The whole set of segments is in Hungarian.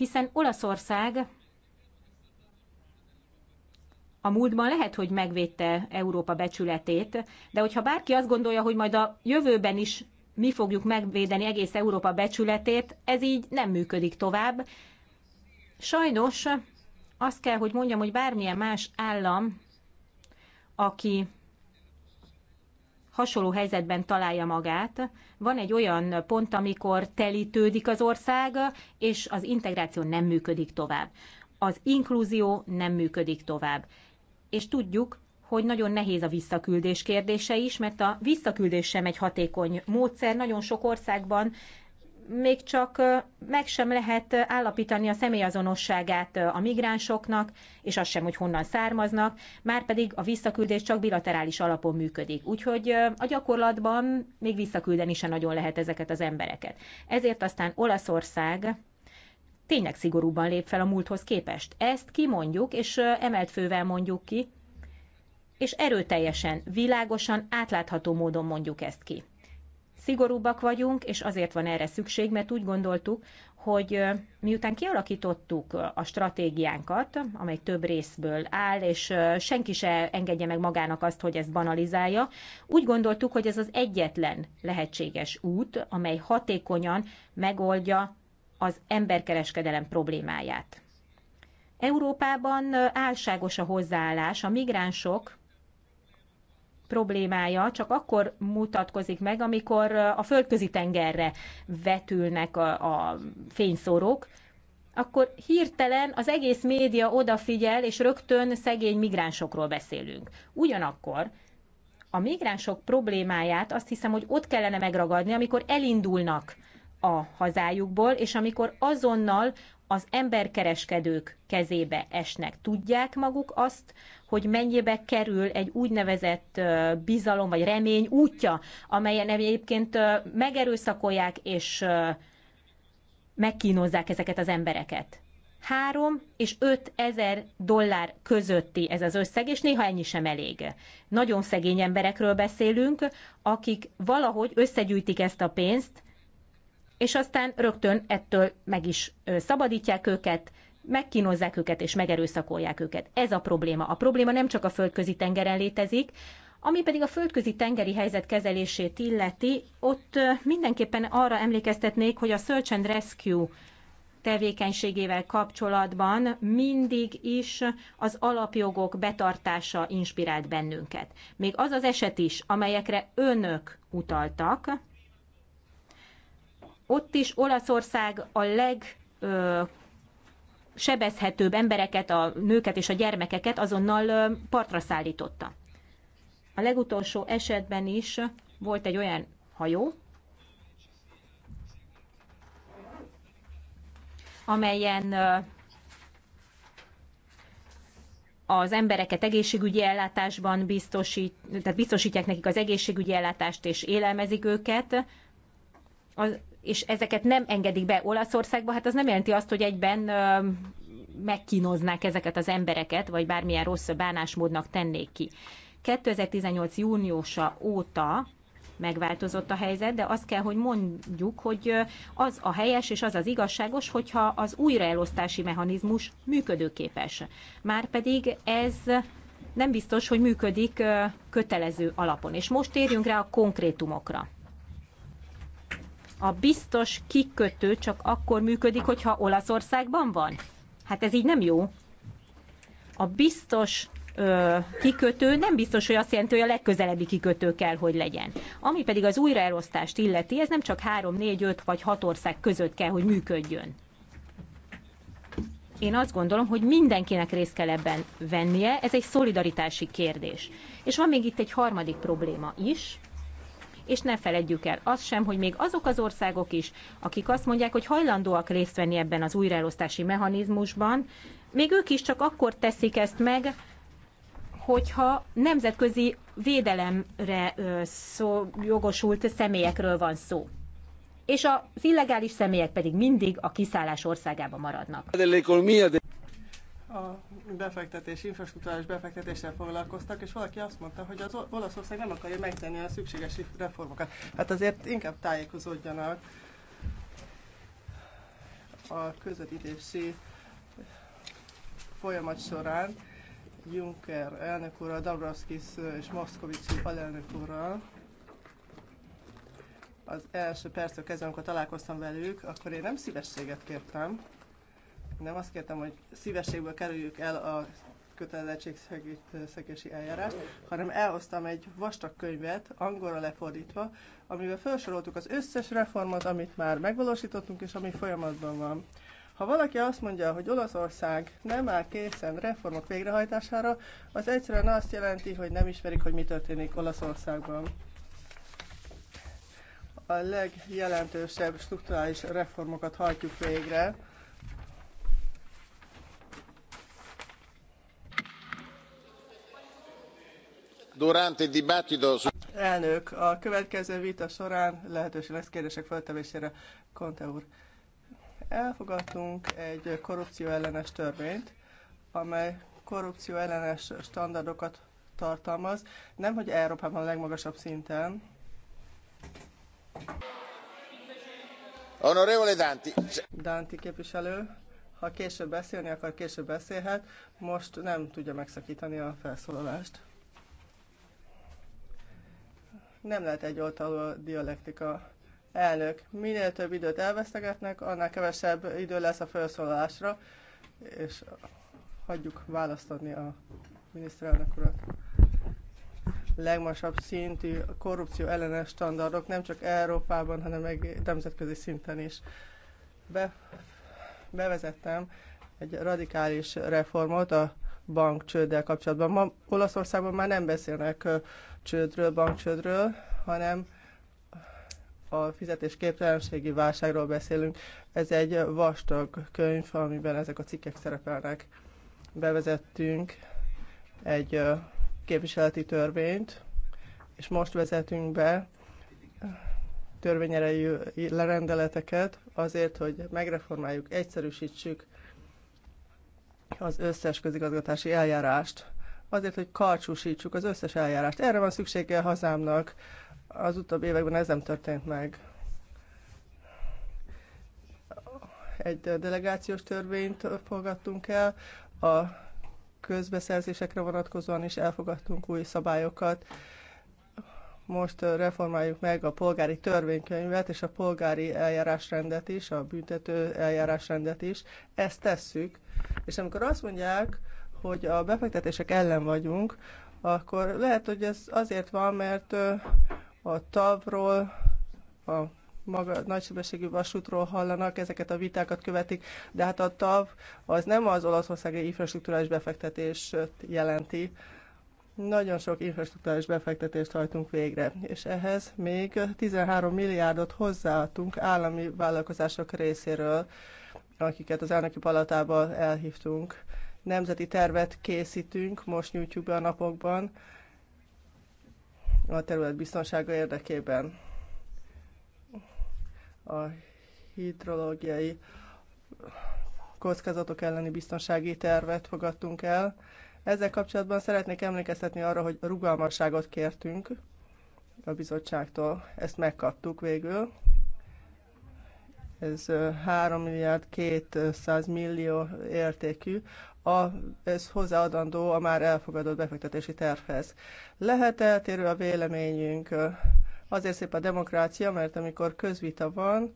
Hiszen Olaszország a múltban lehet, hogy megvédte Európa becsületét, de hogyha bárki azt gondolja, hogy majd a jövőben is mi fogjuk megvédeni egész Európa becsületét, ez így nem működik tovább. Sajnos azt kell, hogy mondjam, hogy bármilyen más állam, aki hasonló helyzetben találja magát. Van egy olyan pont, amikor telítődik az ország, és az integráció nem működik tovább. Az inkluzió nem működik tovább. És tudjuk, hogy nagyon nehéz a visszaküldés kérdése is, mert a visszaküldés sem egy hatékony módszer. Nagyon sok országban még csak meg sem lehet állapítani a személyazonosságát a migránsoknak, és az sem, hogy honnan származnak, már pedig a visszaküldés csak bilaterális alapon működik. Úgyhogy a gyakorlatban még visszaküldeni se nagyon lehet ezeket az embereket. Ezért aztán Olaszország tényleg szigorúban lép fel a múlthoz képest. Ezt kimondjuk, és emelt fővel mondjuk ki, és erőteljesen, világosan, átlátható módon mondjuk ezt ki szigorúbbak vagyunk, és azért van erre szükség, mert úgy gondoltuk, hogy miután kialakítottuk a stratégiánkat, amely több részből áll, és senki se engedje meg magának azt, hogy ezt banalizálja, úgy gondoltuk, hogy ez az egyetlen lehetséges út, amely hatékonyan megoldja az emberkereskedelem problémáját. Európában álságos a hozzáállás, a migránsok problémája csak akkor mutatkozik meg, amikor a földközi tengerre vetülnek a, a fényszórók, akkor hirtelen az egész média odafigyel, és rögtön szegény migránsokról beszélünk. Ugyanakkor a migránsok problémáját azt hiszem, hogy ott kellene megragadni, amikor elindulnak a hazájukból, és amikor azonnal az emberkereskedők kezébe esnek. Tudják maguk azt, hogy mennyibe kerül egy úgynevezett bizalom vagy remény útja, amelyen egyébként megerőszakolják és megkínozzák ezeket az embereket. 3 és 5 ezer dollár közötti ez az összeg, és néha ennyi sem elég. Nagyon szegény emberekről beszélünk, akik valahogy összegyűjtik ezt a pénzt, és aztán rögtön ettől meg is szabadítják őket, megkínozzák őket és megerőszakolják őket. Ez a probléma. A probléma nem csak a földközi tengeren létezik, ami pedig a földközi tengeri helyzet kezelését illeti, ott mindenképpen arra emlékeztetnék, hogy a Search and Rescue tevékenységével kapcsolatban mindig is az alapjogok betartása inspirált bennünket. Még az az eset is, amelyekre önök utaltak, ott is Olaszország a leg ö, sebezhetőbb embereket, a nőket és a gyermekeket azonnal ö, partra szállította. A legutolsó esetben is volt egy olyan hajó, amelyen ö, az embereket egészségügyi ellátásban biztosít, tehát biztosítják nekik az egészségügyi ellátást és élelmezik őket. Az és ezeket nem engedik be Olaszországba, hát az nem jelenti azt, hogy egyben megkínoznák ezeket az embereket, vagy bármilyen rossz bánásmódnak tennék ki. 2018. júniusa óta megváltozott a helyzet, de azt kell, hogy mondjuk, hogy az a helyes és az az igazságos, hogyha az újraelosztási mechanizmus működőképes. Márpedig ez nem biztos, hogy működik kötelező alapon. És most térjünk rá a konkrétumokra a biztos kikötő csak akkor működik, hogyha Olaszországban van? Hát ez így nem jó. A biztos ö, kikötő nem biztos, hogy azt jelenti, hogy a legközelebbi kikötő kell, hogy legyen. Ami pedig az újraelosztást illeti, ez nem csak 3, 4, 5 vagy 6 ország között kell, hogy működjön. Én azt gondolom, hogy mindenkinek részt kell ebben vennie, ez egy szolidaritási kérdés. És van még itt egy harmadik probléma is, és ne feledjük el azt sem, hogy még azok az országok is, akik azt mondják, hogy hajlandóak részt venni ebben az újraelosztási mechanizmusban, még ők is csak akkor teszik ezt meg, hogyha nemzetközi védelemre szó, jogosult személyekről van szó. És az illegális személyek pedig mindig a kiszállás országába maradnak a befektetés, infrastruktúrális befektetéssel foglalkoztak, és valaki azt mondta, hogy az Olaszország nem akarja megtenni a szükséges reformokat. Hát azért inkább tájékozódjanak a közvetítési folyamat során Juncker elnök úrral, Dabrowskis és Moszkovicsi alelnök úrral, az első perctől kezdve, amikor találkoztam velük, akkor én nem szívességet kértem, nem azt kértem, hogy szívességből kerüljük el a kötelezettségszegési eljárást, hanem elhoztam egy vastag könyvet, angolra lefordítva, amivel felsoroltuk az összes reformot, amit már megvalósítottunk, és ami folyamatban van. Ha valaki azt mondja, hogy Olaszország nem áll készen reformok végrehajtására, az egyszerűen azt jelenti, hogy nem ismerik, hogy mi történik Olaszországban. A legjelentősebb strukturális reformokat hajtjuk végre, durante il dibattito Elnök, a következő vita során lehetőség lesz kérdések feltevésére. conte úr, elfogadtunk egy korrupció ellenes törvényt, amely korrupció ellenes standardokat tartalmaz, nem hogy Európában a legmagasabb szinten. Honorevole Danti. Danti képviselő, ha később beszélni akar, később beszélhet, most nem tudja megszakítani a felszólalást nem lehet egy oldalú dialektika. Elnök, minél több időt elvesztegetnek, annál kevesebb idő lesz a felszólalásra, és hagyjuk választani a miniszterelnök urat. Legmasabb szintű korrupció ellenes standardok nem csak Európában, hanem meg nemzetközi szinten is. Be, bevezettem egy radikális reformot a bankcsőddel kapcsolatban. Ma Olaszországban már nem beszélnek csődről, bankcsődről, hanem a fizetésképtelenségi válságról beszélünk. Ez egy vastag könyv, amiben ezek a cikkek szerepelnek. Bevezettünk egy képviseleti törvényt, és most vezetünk be törvényerejű lerendeleteket azért, hogy megreformáljuk, egyszerűsítsük az összes közigazgatási eljárást, azért, hogy karcsúsítsuk az összes eljárást. Erre van szüksége a hazámnak. Az utóbbi években ez nem történt meg. Egy delegációs törvényt fogadtunk el, a közbeszerzésekre vonatkozóan is elfogadtunk új szabályokat. Most reformáljuk meg a polgári törvénykönyvet és a polgári eljárásrendet is, a büntető eljárásrendet is. Ezt tesszük. És amikor azt mondják, hogy a befektetések ellen vagyunk, akkor lehet, hogy ez azért van, mert a tavról, a maga, nagysebességű vasútról hallanak, ezeket a vitákat követik, de hát a TAV az nem az olaszországi infrastruktúrális befektetést jelenti, nagyon sok infrastruktúrális befektetést hajtunk végre, és ehhez még 13 milliárdot hozzáadtunk állami vállalkozások részéről, akiket az elnöki palatába elhívtunk. Nemzeti tervet készítünk, most nyújtjuk be a napokban a terület biztonsága érdekében. A hidrológiai kockázatok elleni biztonsági tervet fogadtunk el, ezzel kapcsolatban szeretnék emlékeztetni arra, hogy rugalmasságot kértünk a bizottságtól. Ezt megkaptuk végül. Ez 3 milliárd 200 millió értékű. A, ez hozzáadandó a már elfogadott befektetési tervhez. Lehet eltérő a véleményünk. Azért szép a demokrácia, mert amikor közvita van,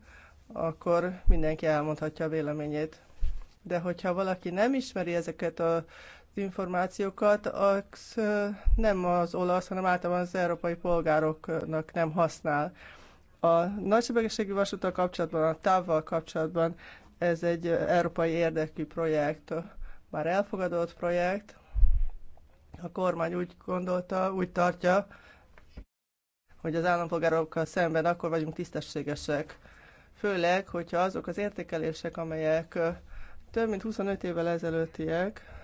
akkor mindenki elmondhatja a véleményét. De hogyha valaki nem ismeri ezeket a információkat, az nem az olasz, hanem általában az európai polgároknak nem használ. A nagysebességű vasúttal kapcsolatban, a távval kapcsolatban ez egy európai érdekű projekt, már elfogadott projekt. A kormány úgy gondolta, úgy tartja, hogy az állampolgárokkal szemben akkor vagyunk tisztességesek. Főleg, hogyha azok az értékelések, amelyek több mint 25 évvel ezelőttiek,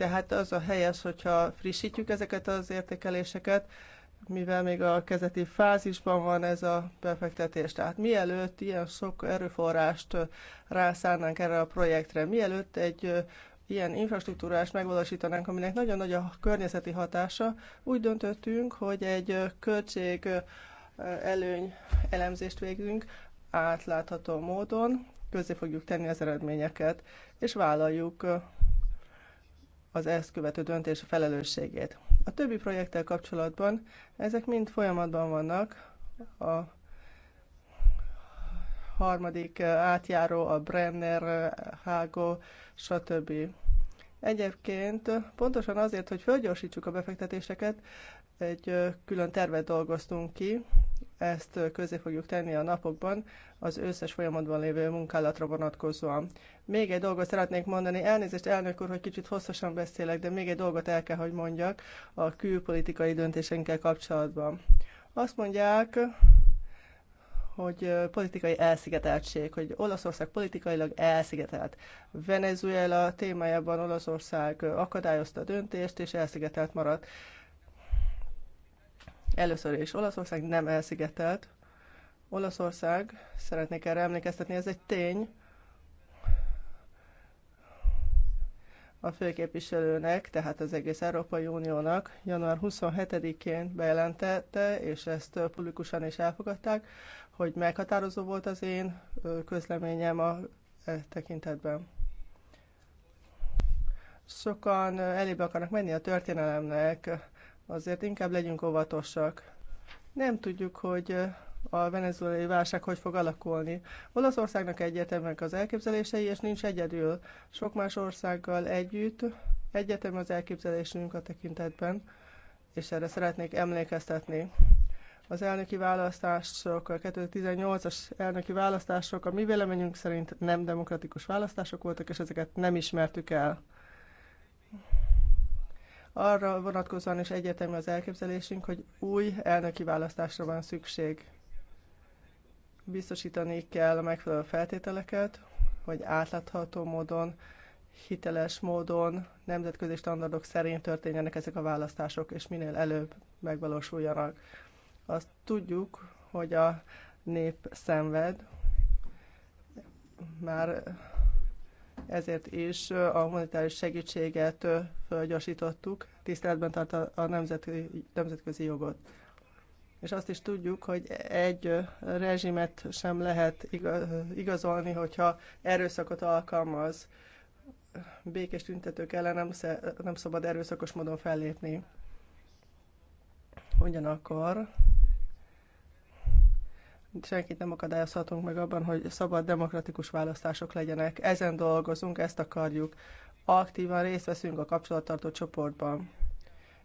tehát az a helyes, hogyha frissítjük ezeket az értékeléseket, mivel még a kezeti fázisban van ez a befektetés. Tehát mielőtt ilyen sok erőforrást rászánnánk erre a projektre, mielőtt egy ilyen infrastruktúrás megvalósítanánk, aminek nagyon nagy a környezeti hatása, úgy döntöttünk, hogy egy költség előny elemzést végünk átlátható módon, közé fogjuk tenni az eredményeket, és vállaljuk az ezt követő döntés felelősségét. A többi projekttel kapcsolatban ezek mind folyamatban vannak. A harmadik eh, átjáró, a Brenner, Hágo, stb. Egyébként pontosan azért, hogy fölgyorsítsuk a befektetéseket, egy eh, külön tervet dolgoztunk ki, ezt közé fogjuk tenni a napokban az összes folyamatban lévő munkálatra vonatkozóan. Még egy dolgot szeretnék mondani. Elnézést, elnök úr, hogy kicsit hosszasan beszélek, de még egy dolgot el kell, hogy mondjak a külpolitikai döntéseinkkel kapcsolatban. Azt mondják, hogy politikai elszigeteltség, hogy Olaszország politikailag elszigetelt. Venezuela témájában Olaszország akadályozta a döntést, és elszigetelt maradt. Először is Olaszország nem elszigetelt. Olaszország, szeretnék erre emlékeztetni, ez egy tény. A főképviselőnek, tehát az egész Európai Uniónak január 27-én bejelentette, és ezt publikusan is elfogadták, hogy meghatározó volt az én közleményem a e tekintetben sokan elébe akarnak menni a történelemnek, Azért inkább legyünk óvatosak. Nem tudjuk, hogy eh, a venezuelai válság hogy fog alakulni. Olaszországnak egyetemek az elképzelései, és nincs egyedül. Sok más országgal együtt egyetem az elképzelésünk a tekintetben, és erre szeretnék emlékeztetni. Az elnöki választások, a 2018-as elnöki választások a mi véleményünk szerint nem demokratikus választások voltak, és ezeket nem ismertük el. Arra vonatkozóan is egyetemű az elképzelésünk, hogy új elnöki választásra van szükség. Biztosítani kell a megfelelő feltételeket, hogy átlátható módon, hiteles módon, nemzetközi standardok szerint történjenek ezek a választások, és minél előbb megvalósuljanak. Azt tudjuk, hogy a nép szenved, már ezért is a humanitárius segítséget gyorsítottuk, tiszteletben tart a nemzetközi, nemzetközi jogot. És azt is tudjuk, hogy egy rezsimet sem lehet igazolni, hogyha erőszakot alkalmaz. Békés tüntetők ellen nem, nem szabad erőszakos módon fellépni. Ugyanakkor senkit nem akadályozhatunk meg abban, hogy szabad demokratikus választások legyenek. Ezen dolgozunk, ezt akarjuk. Aktívan részt veszünk a kapcsolattartó csoportban.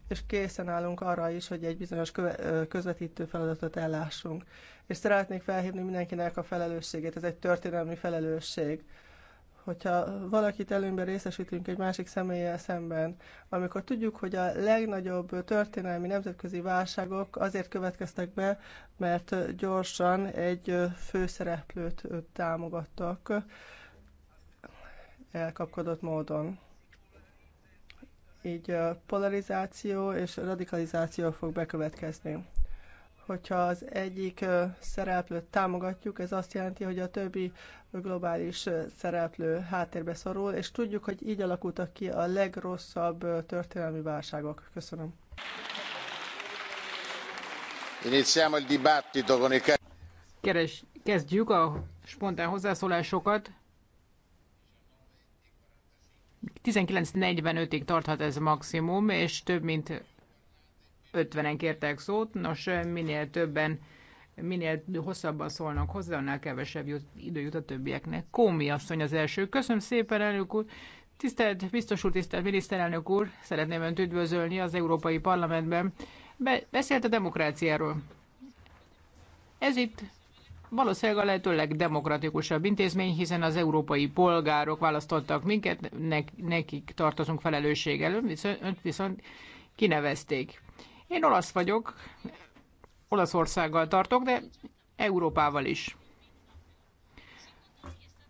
És készen állunk arra is, hogy egy bizonyos közvetítő feladatot ellássunk. És szeretnék felhívni mindenkinek a felelősségét. Ez egy történelmi felelősség hogyha valakit előnyben részesítünk egy másik személlyel szemben, amikor tudjuk, hogy a legnagyobb történelmi nemzetközi válságok azért következtek be, mert gyorsan egy főszereplőt támogattak elkapkodott módon. Így polarizáció és radikalizáció fog bekövetkezni hogyha az egyik szereplőt támogatjuk, ez azt jelenti, hogy a többi globális szereplő háttérbe szorul, és tudjuk, hogy így alakultak ki a legrosszabb történelmi válságok. Köszönöm. Iniziamo il dibattito con il... Keres, kezdjük a spontán hozzászólásokat. 19.45-ig tarthat ez maximum, és több mint 50-en kértek szót, nos, minél többen, minél hosszabban szólnak hozzá, annál kevesebb jut, idő jut a többieknek. Kómi asszony az első. Köszönöm szépen, elnök úr. Tisztelt biztos úr, tisztelt miniszterelnök úr, szeretném önt üdvözölni az Európai Parlamentben. Be, beszélt a demokráciáról. Ez itt valószínűleg a lehető legdemokratikusabb intézmény, hiszen az európai polgárok választottak minket, ne, nekik tartozunk felelősséggel, viszont, viszont kinevezték. Én olasz vagyok, Olaszországgal tartok, de Európával is.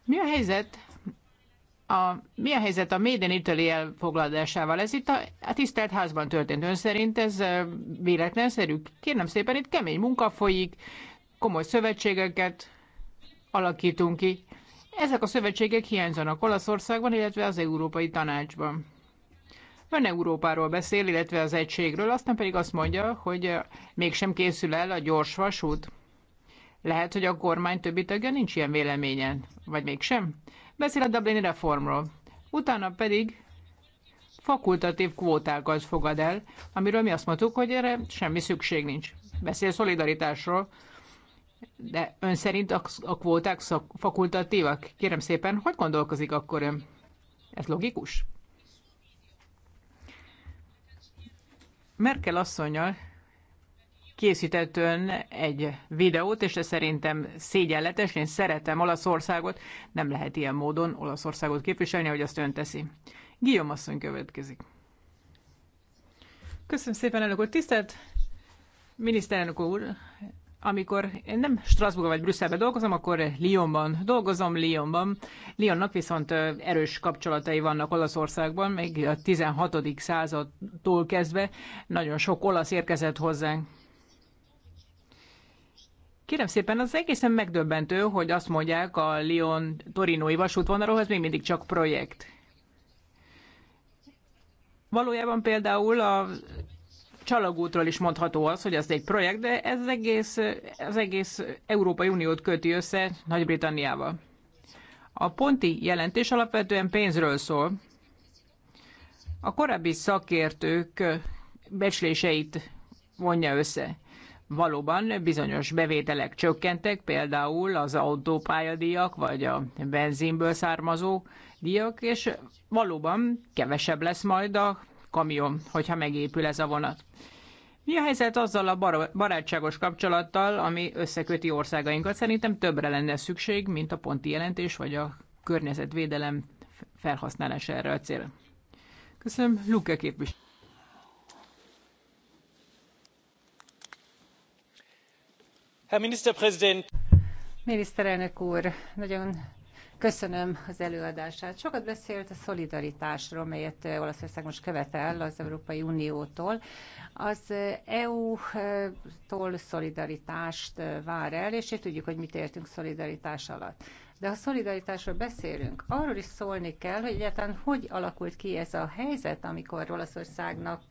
Mi a helyzet a, mi a helyzet a Made in Italy elfoglalásával? Ez itt a, a tisztelt házban történt. Ön szerint ez véletlenszerű? Kérem szépen, itt kemény munka folyik, komoly szövetségeket alakítunk ki. Ezek a szövetségek hiányzanak Olaszországban, illetve az Európai Tanácsban. Ön Európáról beszél, illetve az egységről, aztán pedig azt mondja, hogy mégsem készül el a gyors vasút. Lehet, hogy a kormány többi tagja nincs ilyen véleményen, vagy mégsem. Beszél a Dublini reformról. Utána pedig fakultatív kvótákat fogad el, amiről mi azt mondtuk, hogy erre semmi szükség nincs. Beszél szolidaritásról, de ön szerint a, kvóták fakultatívak? Kérem szépen, hogy gondolkozik akkor ön? Ez logikus? Merkel asszonynal készített ön egy videót, és ez szerintem szégyenletes, én szeretem Olaszországot, nem lehet ilyen módon Olaszországot képviselni, ahogy azt ön teszi. Guillaume asszony következik. Köszönöm szépen, elnök úr. Tisztelt miniszterelnök úr, amikor én nem Strasbourg vagy Brüsszelben dolgozom, akkor Lyonban dolgozom, Lyonban. Lyonnak viszont erős kapcsolatai vannak Olaszországban, még a 16. századtól kezdve nagyon sok olasz érkezett hozzánk. Kérem szépen, az egészen megdöbbentő, hogy azt mondják a Lyon-Torinói vasútvonalról, ez még mindig csak projekt. Valójában például a csalagútról is mondható az, hogy ez egy projekt, de ez az egész, az egész Európai Uniót köti össze Nagy-Britanniával. A Ponti jelentés alapvetően pénzről szól. A korábbi szakértők becsléseit vonja össze. Valóban bizonyos bevételek csökkentek, például az autópályadíjak vagy a benzinből származó díjak, és valóban kevesebb lesz majd a kamion, hogyha megépül ez a vonat. Mi a helyzet azzal a barátságos kapcsolattal, ami összeköti országainkat? Szerintem többre lenne szükség, mint a ponti jelentés vagy a környezetvédelem felhasználása erre a célra. Köszönöm, Luke képviselő. Herr Ministerpräsident! Miniszterelnök úr, nagyon Köszönöm az előadását. Sokat beszélt a szolidaritásról, melyet eh, Olaszország most követel az Európai Uniótól. Az eh, EU-tól szolidaritást eh, vár el, és tudjuk, hogy mit értünk szolidaritás alatt. De ha szolidaritásról beszélünk, arról is szólni kell, hogy egyáltalán hogy alakult ki ez a helyzet, amikor Olaszországnak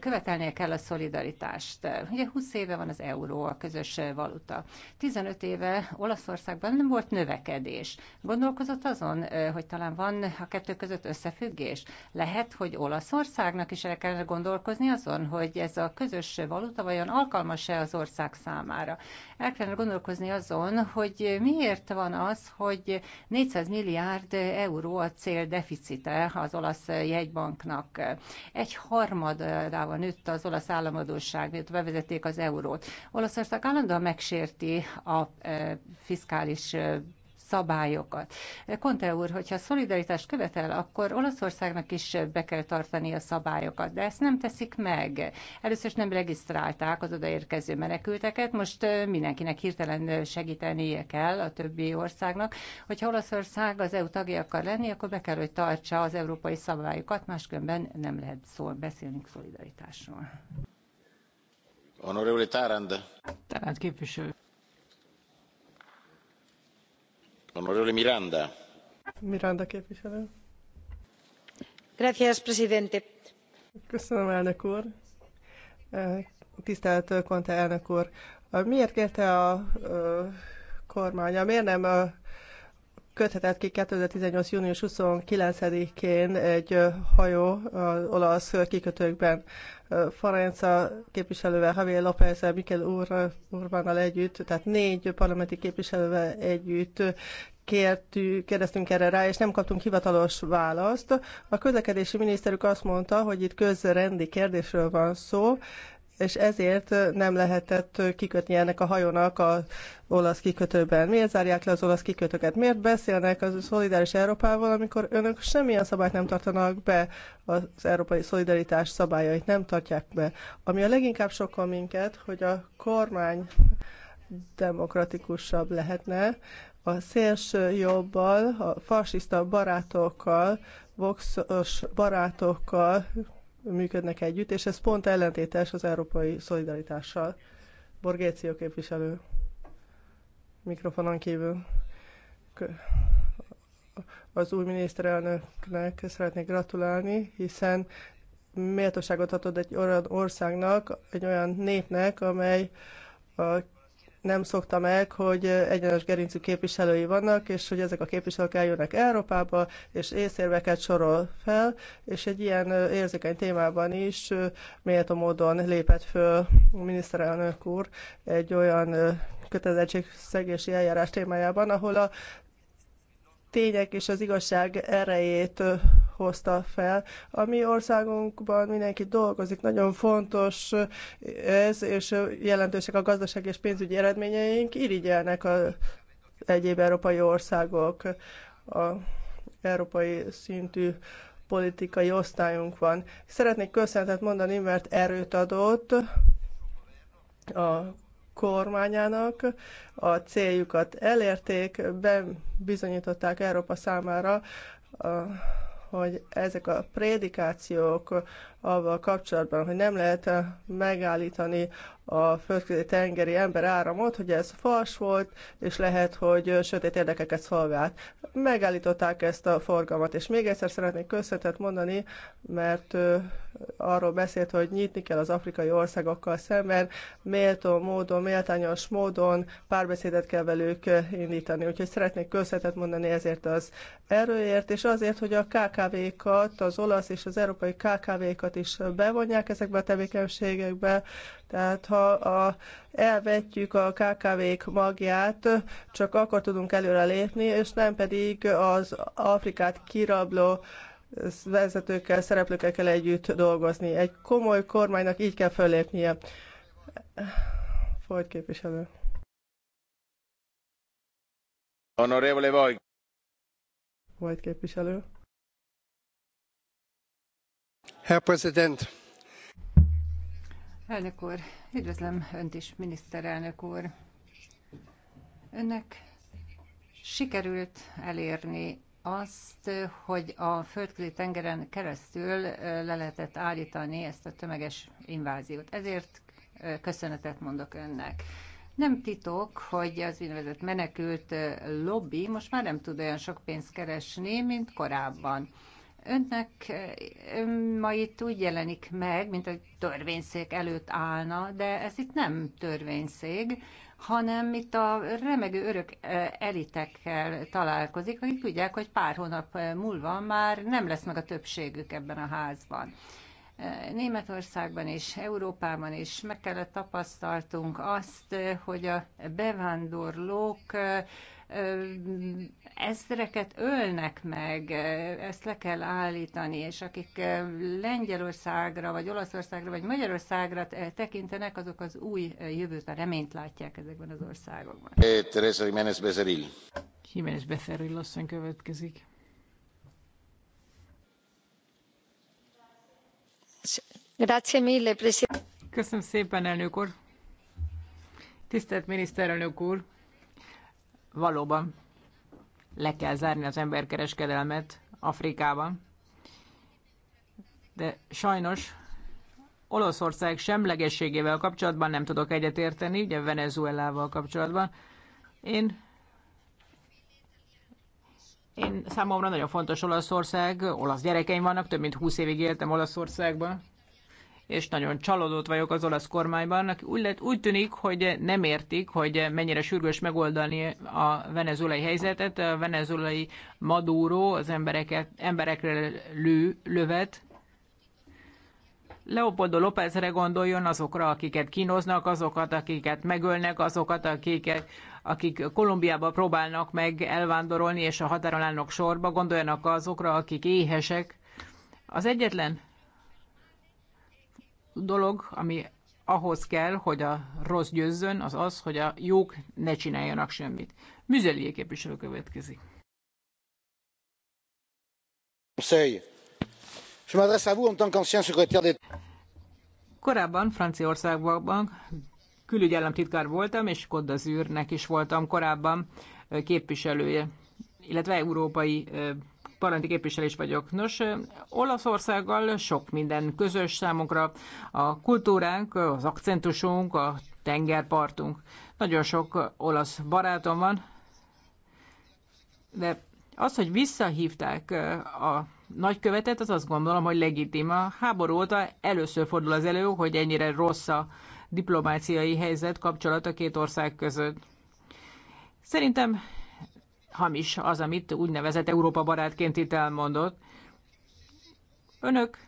követelnie kell a szolidaritást. Ugye 20 éve van az euró, a közös valuta. 15 éve Olaszországban nem volt növekedés. Gondolkozott azon, hogy talán van a kettő között összefüggés? Lehet, hogy Olaszországnak is el kellene gondolkozni azon, hogy ez a közös valuta vajon alkalmas-e az ország számára? El kellene gondolkozni azon, hogy miért van van az, hogy 400 milliárd euró a cél deficite az olasz jegybanknak. Egy harmadával nőtt az olasz államadóság, miatt bevezették az eurót. Olaszország állandóan megsérti a eh, fiskális eh, szabályokat. Konte úr, hogyha szolidaritást követel, akkor Olaszországnak is be kell tartani a szabályokat, de ezt nem teszik meg. Először is nem regisztrálták az odaérkező menekülteket, most mindenkinek hirtelen segítenie kell a többi országnak. Hogyha Olaszország az EU tagja akar lenni, akkor be kell, hogy tartsa az európai szabályokat, máskülönben nem lehet szól, beszélnünk szolidaritásról. Honorable Tarand. Tarand képviselő señor Miranda. presidente. Köszönöm, elnök úr. E, tisztelt conte elnök úr. Miért kérte a kormánya, miért nem köthetett ki 2018. június 29-én egy hajó az olasz kikötőkben. Farenca képviselővel, Javier lópez Mikel Ur, Urbánnal együtt, tehát négy parlamenti képviselővel együtt kértük, kérdeztünk erre rá, és nem kaptunk hivatalos választ. A közlekedési miniszterük azt mondta, hogy itt közrendi kérdésről van szó, és ezért nem lehetett kikötni ennek a hajónak a olasz kikötőben. Miért zárják le az olasz kikötőket? Miért beszélnek az szolidáris Európával, amikor önök semmilyen szabályt nem tartanak be, az európai szolidaritás szabályait nem tartják be? Ami a leginkább sokkal minket, hogy a kormány demokratikusabb lehetne, a szélső jobbal, a fasiszta barátokkal, voxos barátokkal működnek együtt, és ez pont ellentétes az európai szolidaritással. Borgéció képviselő mikrofonon kívül. Az új miniszterelnöknek szeretnék gratulálni, hiszen méltóságot adod egy olyan országnak, egy olyan népnek, amely a nem szokta meg, hogy egyenes gerincű képviselői vannak, és hogy ezek a képviselők eljönnek Európába, és észérveket sorol fel, és egy ilyen érzékeny témában is méltó módon lépett föl miniszterelnök úr egy olyan kötelezettségszegési eljárás témájában, ahol a tények és az igazság erejét hozta fel. A mi országunkban mindenki dolgozik, nagyon fontos ez, és jelentősek a gazdasági és pénzügyi eredményeink, irigyelnek az egyéb európai országok. A európai szintű politikai osztályunk van. Szeretnék köszönetet mondani, mert erőt adott a kormányának, a céljukat elérték, bebizonyították Európa számára a hogy ezek a prédikációk avval kapcsolatban, hogy nem lehet eh, megállítani a földközi tengeri ember áramot, hogy ez fals volt, és lehet, hogy sötét érdekeket szolgált. Megállították ezt a forgalmat, és még egyszer szeretnék köszönetet mondani, mert arról beszélt, hogy nyitni kell az afrikai országokkal szemben, méltó módon, méltányos módon párbeszédet kell velük indítani. Úgyhogy szeretnék köszönetet mondani ezért az erőért, és azért, hogy a KKV-kat, az olasz és az európai KKV-kat is bevonják ezekbe a tevékenységekbe, tehát ha a, elvetjük a KKV-k magját, csak akkor tudunk előre lépni, és nem pedig az Afrikát kirabló vezetőkkel, szereplőkkel kell együtt dolgozni. Egy komoly kormánynak így kell fölépnie. Folyt képviselő. Honorable Vajg. Folyt képviselő. Herr Präsident! Elnök úr, üdvözlöm Önt is, miniszterelnök úr. Önnek sikerült elérni azt, hogy a földközi tengeren keresztül le lehetett állítani ezt a tömeges inváziót. Ezért köszönetet mondok önnek. Nem titok, hogy az úgynevezett menekült lobby most már nem tud olyan sok pénzt keresni, mint korábban. Önnek ma itt úgy jelenik meg, mint egy törvényszék előtt állna, de ez itt nem törvényszék, hanem itt a remegő örök elitekkel találkozik, akik tudják, hogy pár hónap múlva már nem lesz meg a többségük ebben a házban. Németországban és Európában is meg kellett tapasztaltunk azt, hogy a bevándorlók ezreket ölnek meg, ezt le kell állítani, és akik eh, Lengyelországra, vagy Olaszországra, vagy Magyarországra tekintenek, azok az új eh, jövőt a reményt látják ezekben az országokban. Eh, Teresa Jiménez Becerril. Jiménez Becerril asszony következik. Grazie mille, presidente. Köszönöm szépen, elnök úr. Tisztelt miniszterelnök úr, valóban le kell zárni az emberkereskedelmet Afrikában. De sajnos Olaszország semlegességével kapcsolatban nem tudok egyetérteni, ugye Venezuelával kapcsolatban. Én én számomra nagyon fontos Olaszország, olasz gyerekeim vannak, több mint 20 évig éltem Olaszországban és nagyon csalódott vagyok az olasz kormányban. Úgy, lett, úgy tűnik, hogy nem értik, hogy mennyire sürgős megoldani a venezuelai helyzetet. A venezuelai Maduro az embereket, emberekre lő, lövet, Leopoldo Lópezre gondoljon azokra, akiket kínoznak, azokat, akiket megölnek, azokat, akiket, akik Kolumbiába próbálnak meg elvándorolni, és a határon állnak sorba, gondoljanak azokra, akik éhesek. Az egyetlen dolog, ami ahhoz kell, hogy a rossz győzzön, az az, hogy a jók ne csináljanak semmit. Müzelié képviselő következik. Korábban Franciaországban titkár voltam, és Kodazűrnek is voltam korábban képviselője, illetve európai parlamenti képviselés vagyok. Nos, Olaszországgal sok minden közös számunkra. A kultúránk, az akcentusunk, a tengerpartunk. Nagyon sok olasz barátom van, de az, hogy visszahívták a nagykövetet, az azt gondolom, hogy legitim. A háború óta először fordul az elő, hogy ennyire rossz a diplomáciai helyzet kapcsolat a két ország között. Szerintem hamis az, amit úgynevezett Európa barátként itt elmondott. Önök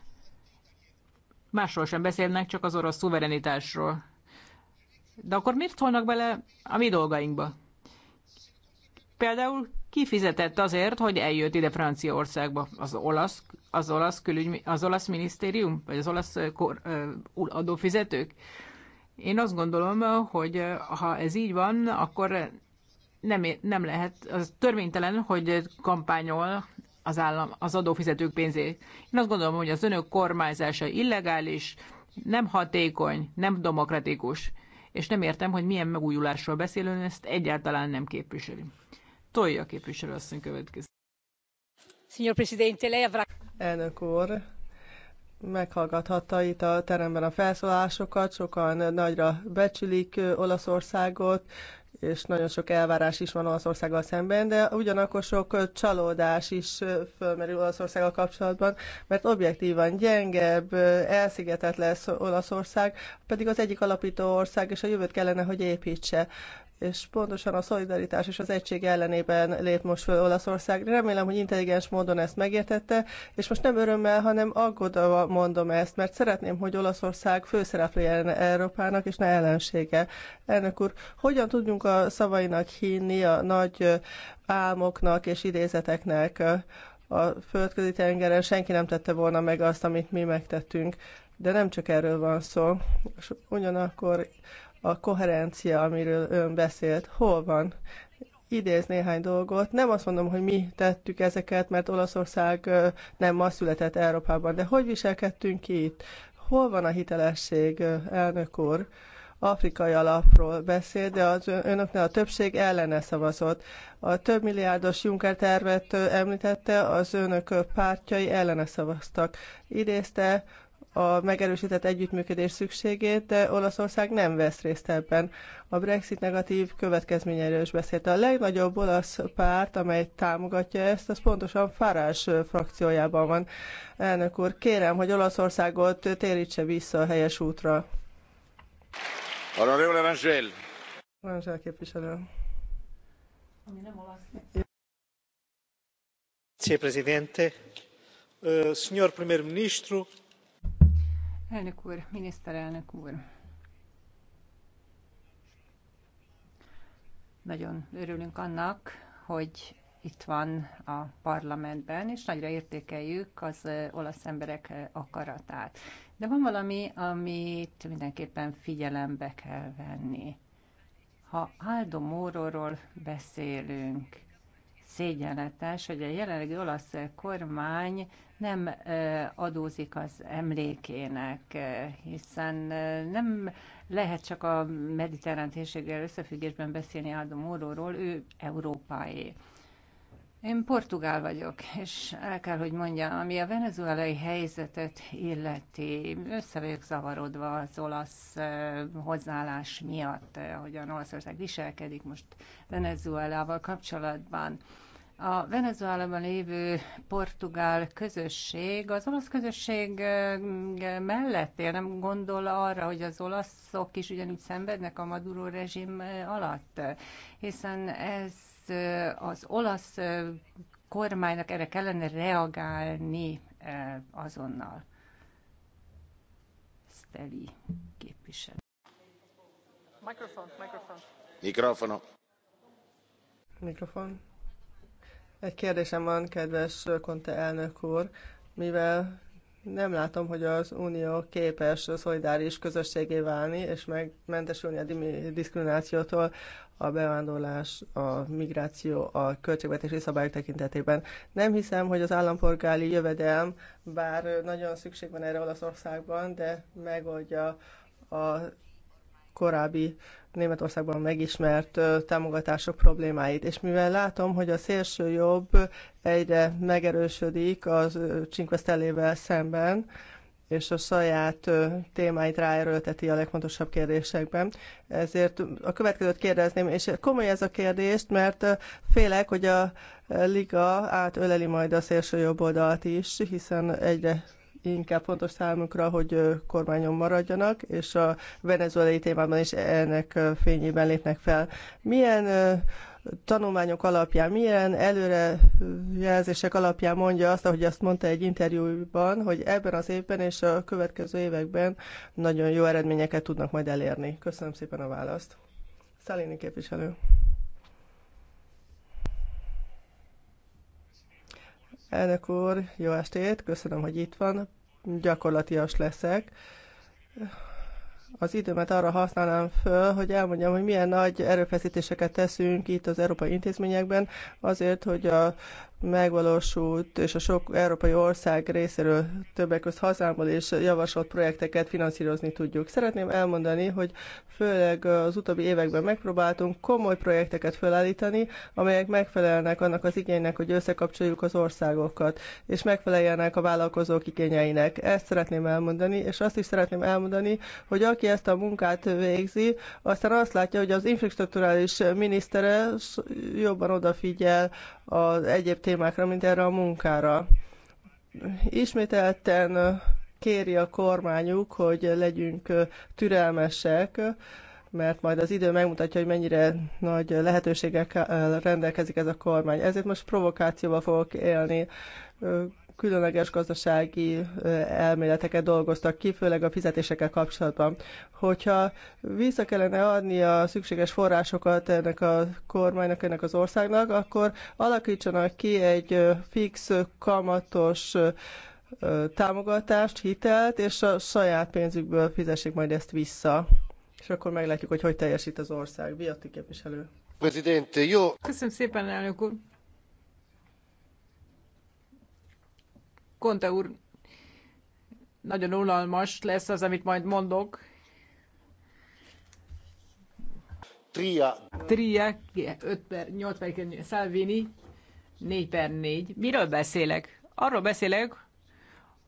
másról sem beszélnek, csak az orosz szuverenitásról. De akkor miért szólnak bele a mi dolgainkba? Például ki fizetett azért, hogy eljött ide Franciaországba? Az olasz, az olasz, külügy, az olasz minisztérium? Vagy az olasz eh, kor, eh, adófizetők? Én azt gondolom, hogy eh, ha ez így van, akkor nem, nem lehet, az törvénytelen, hogy kampányol az állam az adófizetők pénzét. Én azt gondolom, hogy az önök kormányzása illegális, nem hatékony, nem demokratikus, és nem értem, hogy milyen megújulásról beszélőn ezt egyáltalán nem képviseli. Tolja képviselő asszony következik. Signor Presidente, lei avrà... Elnök úr, meghallgathatta itt a teremben a felszólásokat, sokan nagyra becsülik Olaszországot, és nagyon sok elvárás is van Olaszországgal szemben, de ugyanakkor sok csalódás is fölmerül Olaszországgal kapcsolatban, mert objektívan gyengebb, elszigetett lesz Olaszország, pedig az egyik alapító ország, és a jövőt kellene, hogy építse és pontosan a szolidaritás és az egység ellenében lép most föl Olaszország. Remélem, hogy intelligens módon ezt megértette, és most nem örömmel, hanem aggodva mondom ezt, mert szeretném, hogy Olaszország főszereplője lenne Európának, és ne ellensége. Elnök úr, hogyan tudjunk a szavainak hinni, a nagy álmoknak és idézeteknek a földközi tengeren senki nem tette volna meg azt, amit mi megtettünk. De nem csak erről van szó. És ugyanakkor a koherencia, amiről ön beszélt, hol van? idéz néhány dolgot. Nem azt mondom, hogy mi tettük ezeket, mert Olaszország nem ma született Európában, de hogy viselkedtünk itt? Hol van a hitelesség, elnök úr? afrikai alapról beszél, de az önöknél a többség ellene szavazott. A több milliárdos Juncker tervet említette, az önök pártjai ellene szavaztak. Idézte a megerősített együttműködés szükségét, de Olaszország nem vesz részt ebben. A Brexit negatív következményeiről is beszélt. A legnagyobb olasz párt, amely támogatja ezt, az pontosan Farás frakciójában van. Elnök úr, kérem, hogy Olaszországot térítse vissza a helyes útra. Honorable Evangel. Rangel képviselő. Ami nem olasz. Grazie, Presidente. Uh, signor Premier Ministro, Elnök úr, miniszterelnök úr! Nagyon örülünk annak, hogy itt van a parlamentben, és nagyra értékeljük az olasz emberek akaratát. De van valami, amit mindenképpen figyelembe kell venni. Ha Aldo Móróról beszélünk, szégyenletes, hogy a jelenlegi olasz kormány nem adózik az emlékének, hiszen nem lehet csak a mediterrán térséggel összefüggésben beszélni Aldo Moróról, ő európai. Én portugál vagyok, és el kell, hogy mondjam, ami a venezuelai helyzetet illeti, össze vagyok zavarodva az olasz hozzáállás miatt, hogyan Olaszország viselkedik most Venezuelával kapcsolatban. A Venezuelában lévő portugál közösség az olasz közösség eh, mellett él, nem gondol arra, hogy az olaszok is ugyanúgy szenvednek a Maduro rezsim eh, alatt, hiszen ez eh, az olasz kormánynak erre kellene reagálni azonnal. Steli képviselő. Mikrofon, mikrofon. Mikrofon. Mikrofon. Egy kérdésem van, kedves Konte elnök úr, mivel nem látom, hogy az Unió képes szolidáris közösségé válni, és megmentesülni a diszkriminációtól a bevándorlás, a migráció, a költségvetési szabályok tekintetében. Nem hiszem, hogy az állampolgári jövedelm, bár nagyon szükség van erre Olaszországban, de megoldja a korábbi Németországban megismert támogatások problémáit. És mivel látom, hogy a szélső jobb egyre megerősödik az Csinkvesztelével szemben, és a saját témáit ráerőlteti a legfontosabb kérdésekben. Ezért a következőt kérdezném, és komoly ez a kérdést, mert félek, hogy a Liga átöleli majd a szélső jobb oldalt is, hiszen egyre inkább fontos számunkra, hogy kormányon maradjanak, és a venezuelai témában is ennek fényében lépnek fel. Milyen tanulmányok alapján, milyen előrejelzések alapján mondja azt, ahogy azt mondta egy interjúban, hogy ebben az évben és a következő években nagyon jó eredményeket tudnak majd elérni. Köszönöm szépen a választ. Szalini képviselő. Elnök úr, jó estét, köszönöm, hogy itt van. Gyakorlatias leszek. Az időmet arra használnám föl, hogy elmondjam, hogy milyen nagy erőfeszítéseket teszünk itt az európai intézményekben azért, hogy a megvalósult, és a sok európai ország részéről többek között hazámból is javasolt projekteket finanszírozni tudjuk. Szeretném elmondani, hogy főleg az utóbbi években megpróbáltunk komoly projekteket felállítani, amelyek megfelelnek annak az igénynek, hogy összekapcsoljuk az országokat, és megfeleljenek a vállalkozók igényeinek. Ezt szeretném elmondani, és azt is szeretném elmondani, hogy aki ezt a munkát végzi, aztán azt látja, hogy az infrastruktúrális minisztere jobban odafigyel az egyéb témákra, témákra, mint erre a munkára. Ismételten kéri a kormányuk, hogy legyünk türelmesek, mert majd az idő megmutatja, hogy mennyire nagy lehetőségekkel rendelkezik ez a kormány. Ezért most provokációval fogok élni különleges gazdasági elméleteket dolgoztak ki, főleg a fizetésekkel kapcsolatban. Hogyha vissza kellene adni a szükséges forrásokat ennek a kormánynak, ennek az országnak, akkor alakítsanak ki egy fix kamatos támogatást, hitelt, és a saját pénzükből fizessék majd ezt vissza. És akkor meglátjuk, hogy hogy teljesít az ország. Viatti képviselő. Presidente, jó. Köszönöm szépen, elnök úr. Konte úr, nagyon unalmas lesz az, amit majd mondok. Tria. Tria, 5 per 8 per Salvini, 4 per 4. Miről beszélek? Arról beszélek,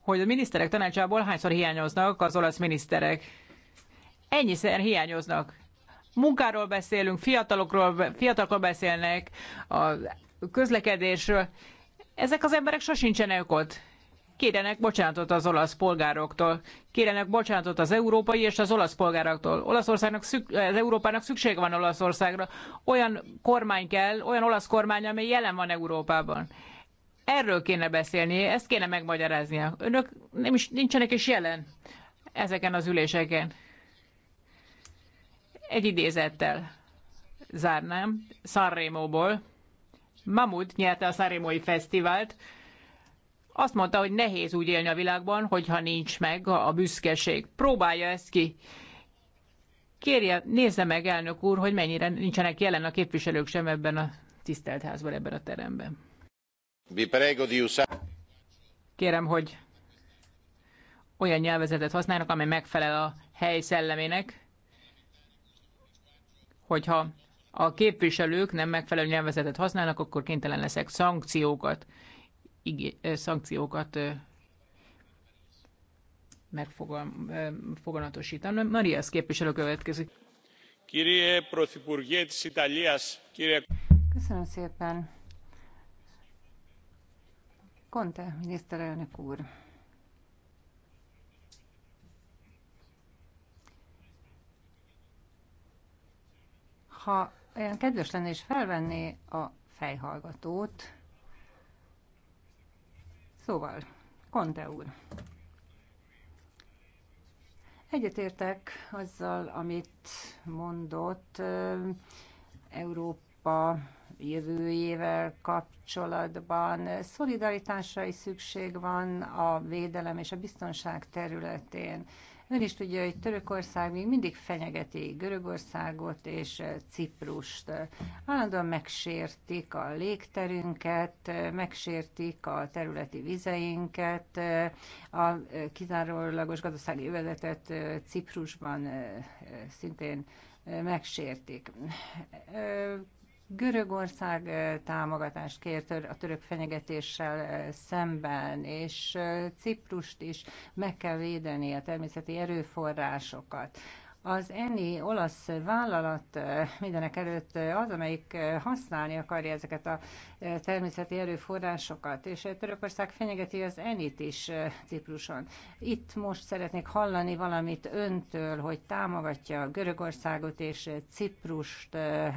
hogy a miniszterek tanácsából hányszor hiányoznak az olasz miniszterek. Ennyiszer hiányoznak. Munkáról beszélünk, fiatalokról, fiatalokról beszélnek, a közlekedésről. Ezek az emberek sosincsenek ott kérenek bocsánatot az olasz polgároktól, kérenek bocsánatot az európai és az olasz polgároktól. Olaszországnak szük, az Európának szükség van Olaszországra. Olyan kormány kell, olyan olasz kormány, amely jelen van Európában. Erről kéne beszélni, ezt kéne megmagyaráznia. Önök nem is, nincsenek is jelen ezeken az üléseken. Egy idézettel zárnám, Sanremo-ból. Mamut nyerte a Sanremói fesztivált, azt mondta, hogy nehéz úgy élni a világban, hogyha nincs meg a büszkeség. Próbálja ezt ki. Kérje, nézze meg, elnök úr, hogy mennyire nincsenek jelen a képviselők sem ebben a tisztelt házban, ebben a teremben. Kérem, hogy olyan nyelvezetet használnak, amely megfelel a hely szellemének, hogyha a képviselők nem megfelelő nyelvezetet használnak, akkor kénytelen leszek szankciókat szankciókat megfoganatosítani. Marias képviselő következik. Köszönöm szépen. Conte miniszterelnök úr. Ha olyan kedves lenne és felvenné a fejhallgatót, Szóval, Konte úr, egyetértek azzal, amit mondott Európa jövőjével kapcsolatban. Szolidaritásra is szükség van a védelem és a biztonság területén. Ön is tudja, hogy Törökország még mindig fenyegeti Görögországot és eh, Ciprust. Állandóan megsértik a légterünket, megsértik a területi vizeinket, eh, a eh, kizárólagos gazdasági övezetet Ciprusban szintén megsértik. Görögország támogatást kért a török fenyegetéssel szemben, és Ciprust is meg kell védeni a természeti erőforrásokat. Az ENI olasz vállalat eh, mindenek előtt eh, az, amelyik eh, használni akarja ezeket a természeti erőforrásokat, és Törökország fenyegeti az ENIT is Cipruson. Itt most szeretnék hallani valamit öntől, hogy támogatja Görögországot és Ciprust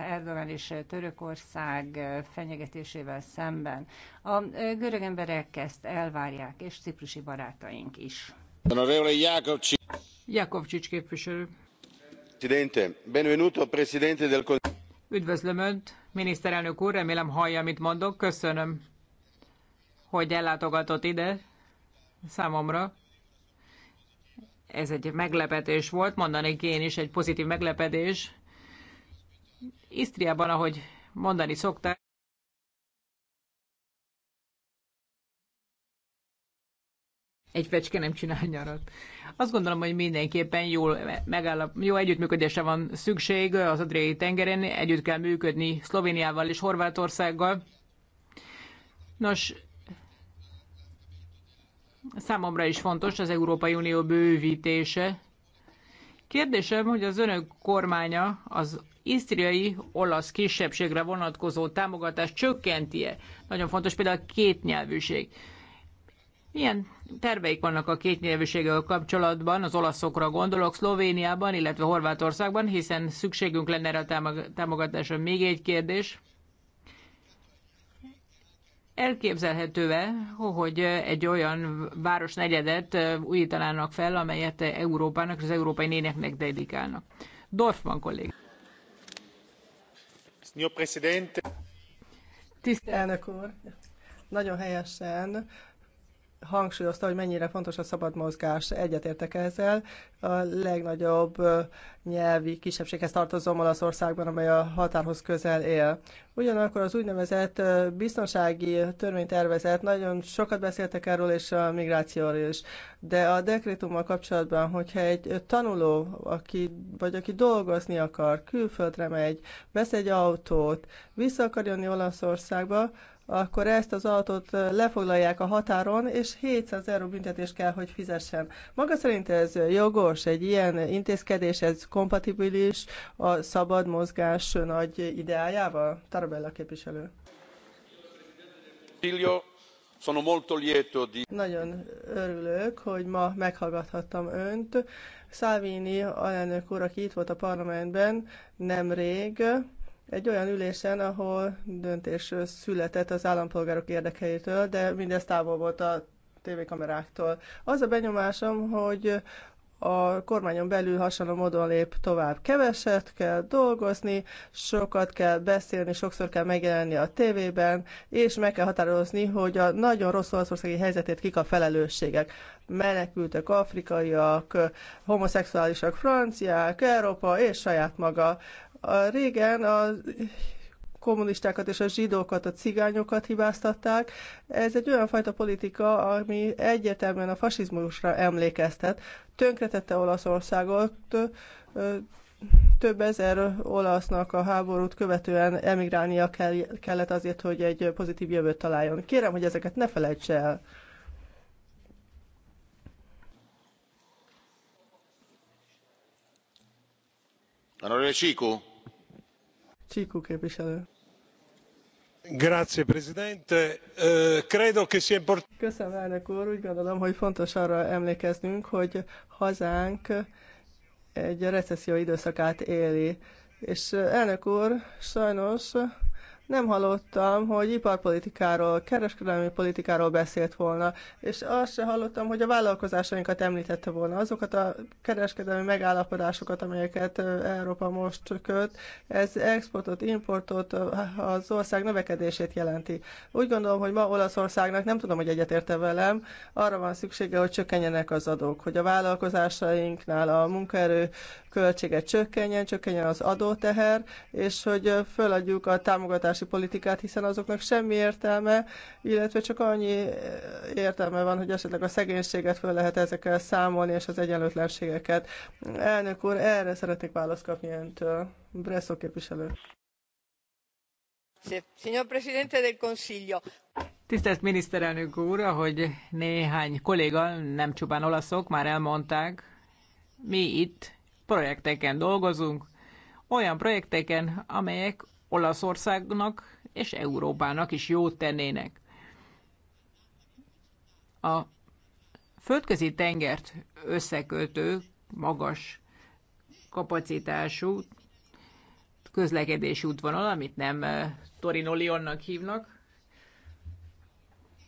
Erdogan és Törökország fenyegetésével szemben. A görög emberek ezt elvárják, és ciprusi barátaink is. Jakob Csics képviselő. Üdvözlöm Önt, miniszterelnök úr, remélem hallja, amit mondok. Köszönöm, hogy ellátogatott ide számomra. Ez egy meglepetés volt, mondanék én is, egy pozitív meglepetés. Isztriában, ahogy mondani szokták, egy fecske nem csinál nyarat. Azt gondolom, hogy mindenképpen jól megállap, jó együttműködésre van szükség az Adriai tengeren, együtt kell működni Szlovéniával és Horvátországgal. Nos, számomra is fontos az Európai Unió bővítése. Kérdésem, hogy az önök kormánya az isztriai olasz kisebbségre vonatkozó támogatást csökkenti-e? Nagyon fontos például a kétnyelvűség. nyelvűség milyen terveik vannak a két nyelvűséggel kapcsolatban, az olaszokra gondolok, Szlovéniában, illetve Horvátországban, hiszen szükségünk lenne erre a támogatásra. Még egy kérdés. Elképzelhető-e, hogy egy olyan városnegyedet újítanának fel, amelyet Európának, az európai néneknek dedikálnak? Dorfman kollég. Tisztelnök úr, nagyon helyesen hangsúlyozta, hogy mennyire fontos a szabad mozgás. Egyetértek ezzel. A legnagyobb nyelvi kisebbséghez tartozom Olaszországban, amely a határhoz közel él. Ugyanakkor az úgynevezett biztonsági törvénytervezet, nagyon sokat beszéltek erről és a migrációról is, de a dekrétummal kapcsolatban, hogyha egy tanuló, aki, vagy aki dolgozni akar, külföldre megy, vesz egy autót, vissza akar jönni Olaszországba, akkor ezt az autót lefoglalják a határon, és 700 euró büntetést kell, hogy fizessen. Maga szerint ez jogos, egy ilyen intézkedés, ez kompatibilis a szabad mozgás nagy ideájával? Tarabella képviselő. di... Nagyon örülök, hogy ma meghallgathattam önt. Salvini alelnök úr, aki itt volt a parlamentben nemrég, egy olyan ülésen, ahol döntés született az állampolgárok érdekeitől, de mindez távol volt a tévékameráktól. Az a benyomásom, hogy a kormányon belül hasonló módon lép tovább. Keveset kell dolgozni, sokat kell beszélni, sokszor kell megjelenni a tévében, és meg kell határozni, hogy a nagyon rossz olaszországi helyzetét kik a felelősségek. Menekültek afrikaiak, homoszexuálisak, franciák, Európa és saját maga. A régen a kommunistákat és a zsidókat, a cigányokat hibáztatták. Ez egy olyan fajta politika, ami egyértelműen a fasizmusra emlékeztet. Tönkretette Olaszországot, több ezer olasznak a háborút követően emigrálnia kellett azért, hogy egy pozitív jövőt találjon. Kérem, hogy ezeket ne felejts el. Honorable Chico. Eh, Köszönöm, elnök úr. Úgy gondolom, hogy fontos arra emlékeznünk, hogy hazánk egy recesszió időszakát éli. És eh, elnök úr, sajnos nem hallottam, hogy iparpolitikáról, kereskedelmi politikáról beszélt volna, és azt se hallottam, hogy a vállalkozásainkat említette volna. Azokat a kereskedelmi megállapodásokat, amelyeket Európa most köt, ez exportot, importot, az ország növekedését jelenti. Úgy gondolom, hogy ma Olaszországnak, nem tudom, hogy egyetérte velem, arra van szüksége, hogy csökkenjenek az adók, hogy a vállalkozásainknál a munkaerő költsége csökkenjen, csökkenjen az adóteher, és hogy föladjuk a támogatás oktatási politikát, hiszen azoknak semmi értelme, illetve csak annyi eh, értelme van, hogy esetleg a szegénységet föl lehet ezekkel számolni, és az egyenlőtlenségeket. Elnök úr, erre szeretnék választ kapni öntől. Bresszó képviselő. Señor presidente del Consiglio. Tisztelt miniszterelnök úr, hogy néhány kolléga, nem csupán olaszok, már elmondták, mi itt projekteken dolgozunk, olyan projekteken, amelyek Olaszországnak és Európának is jót tennének. A földközi tengert összekötő magas kapacitású közlekedési útvonal, amit nem eh, Torino-Lyonnak hívnak,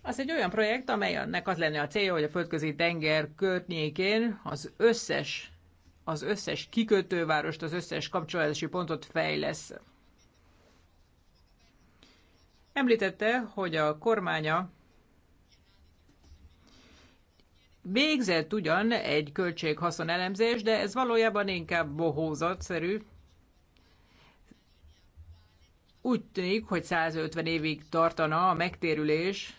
az egy olyan projekt, amelynek az lenne a célja, hogy a földközi tenger környékén az összes, az összes kikötővárost, az összes kapcsolási pontot fejlesz. Említette, hogy a kormánya végzett ugyan egy költséghaszon elemzés, de ez valójában inkább bohózatszerű. Úgy tűnik, hogy 150 évig tartana a megtérülés,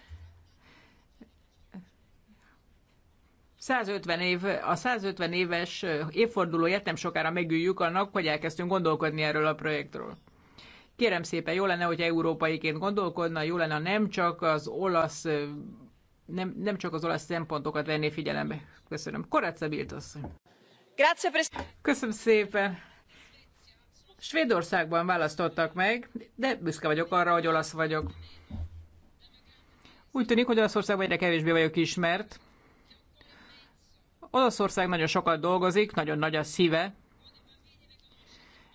150 év, a 150 éves évfordulóját nem sokára megüljük annak, hogy elkezdtünk gondolkodni erről a projektről. Kérem szépen, jó lenne, hogy európaiként gondolkodna, jó lenne, nem csak az olasz nem, nem csak az olasz szempontokat venné figyelembe. Köszönöm. Korácsa Biltosz. Köszönöm szépen. Svédországban választottak meg, de büszke vagyok arra, hogy olasz vagyok. Úgy tűnik, hogy Olaszországban egyre kevésbé vagyok ismert. Olaszország nagyon sokat dolgozik, nagyon nagy a szíve,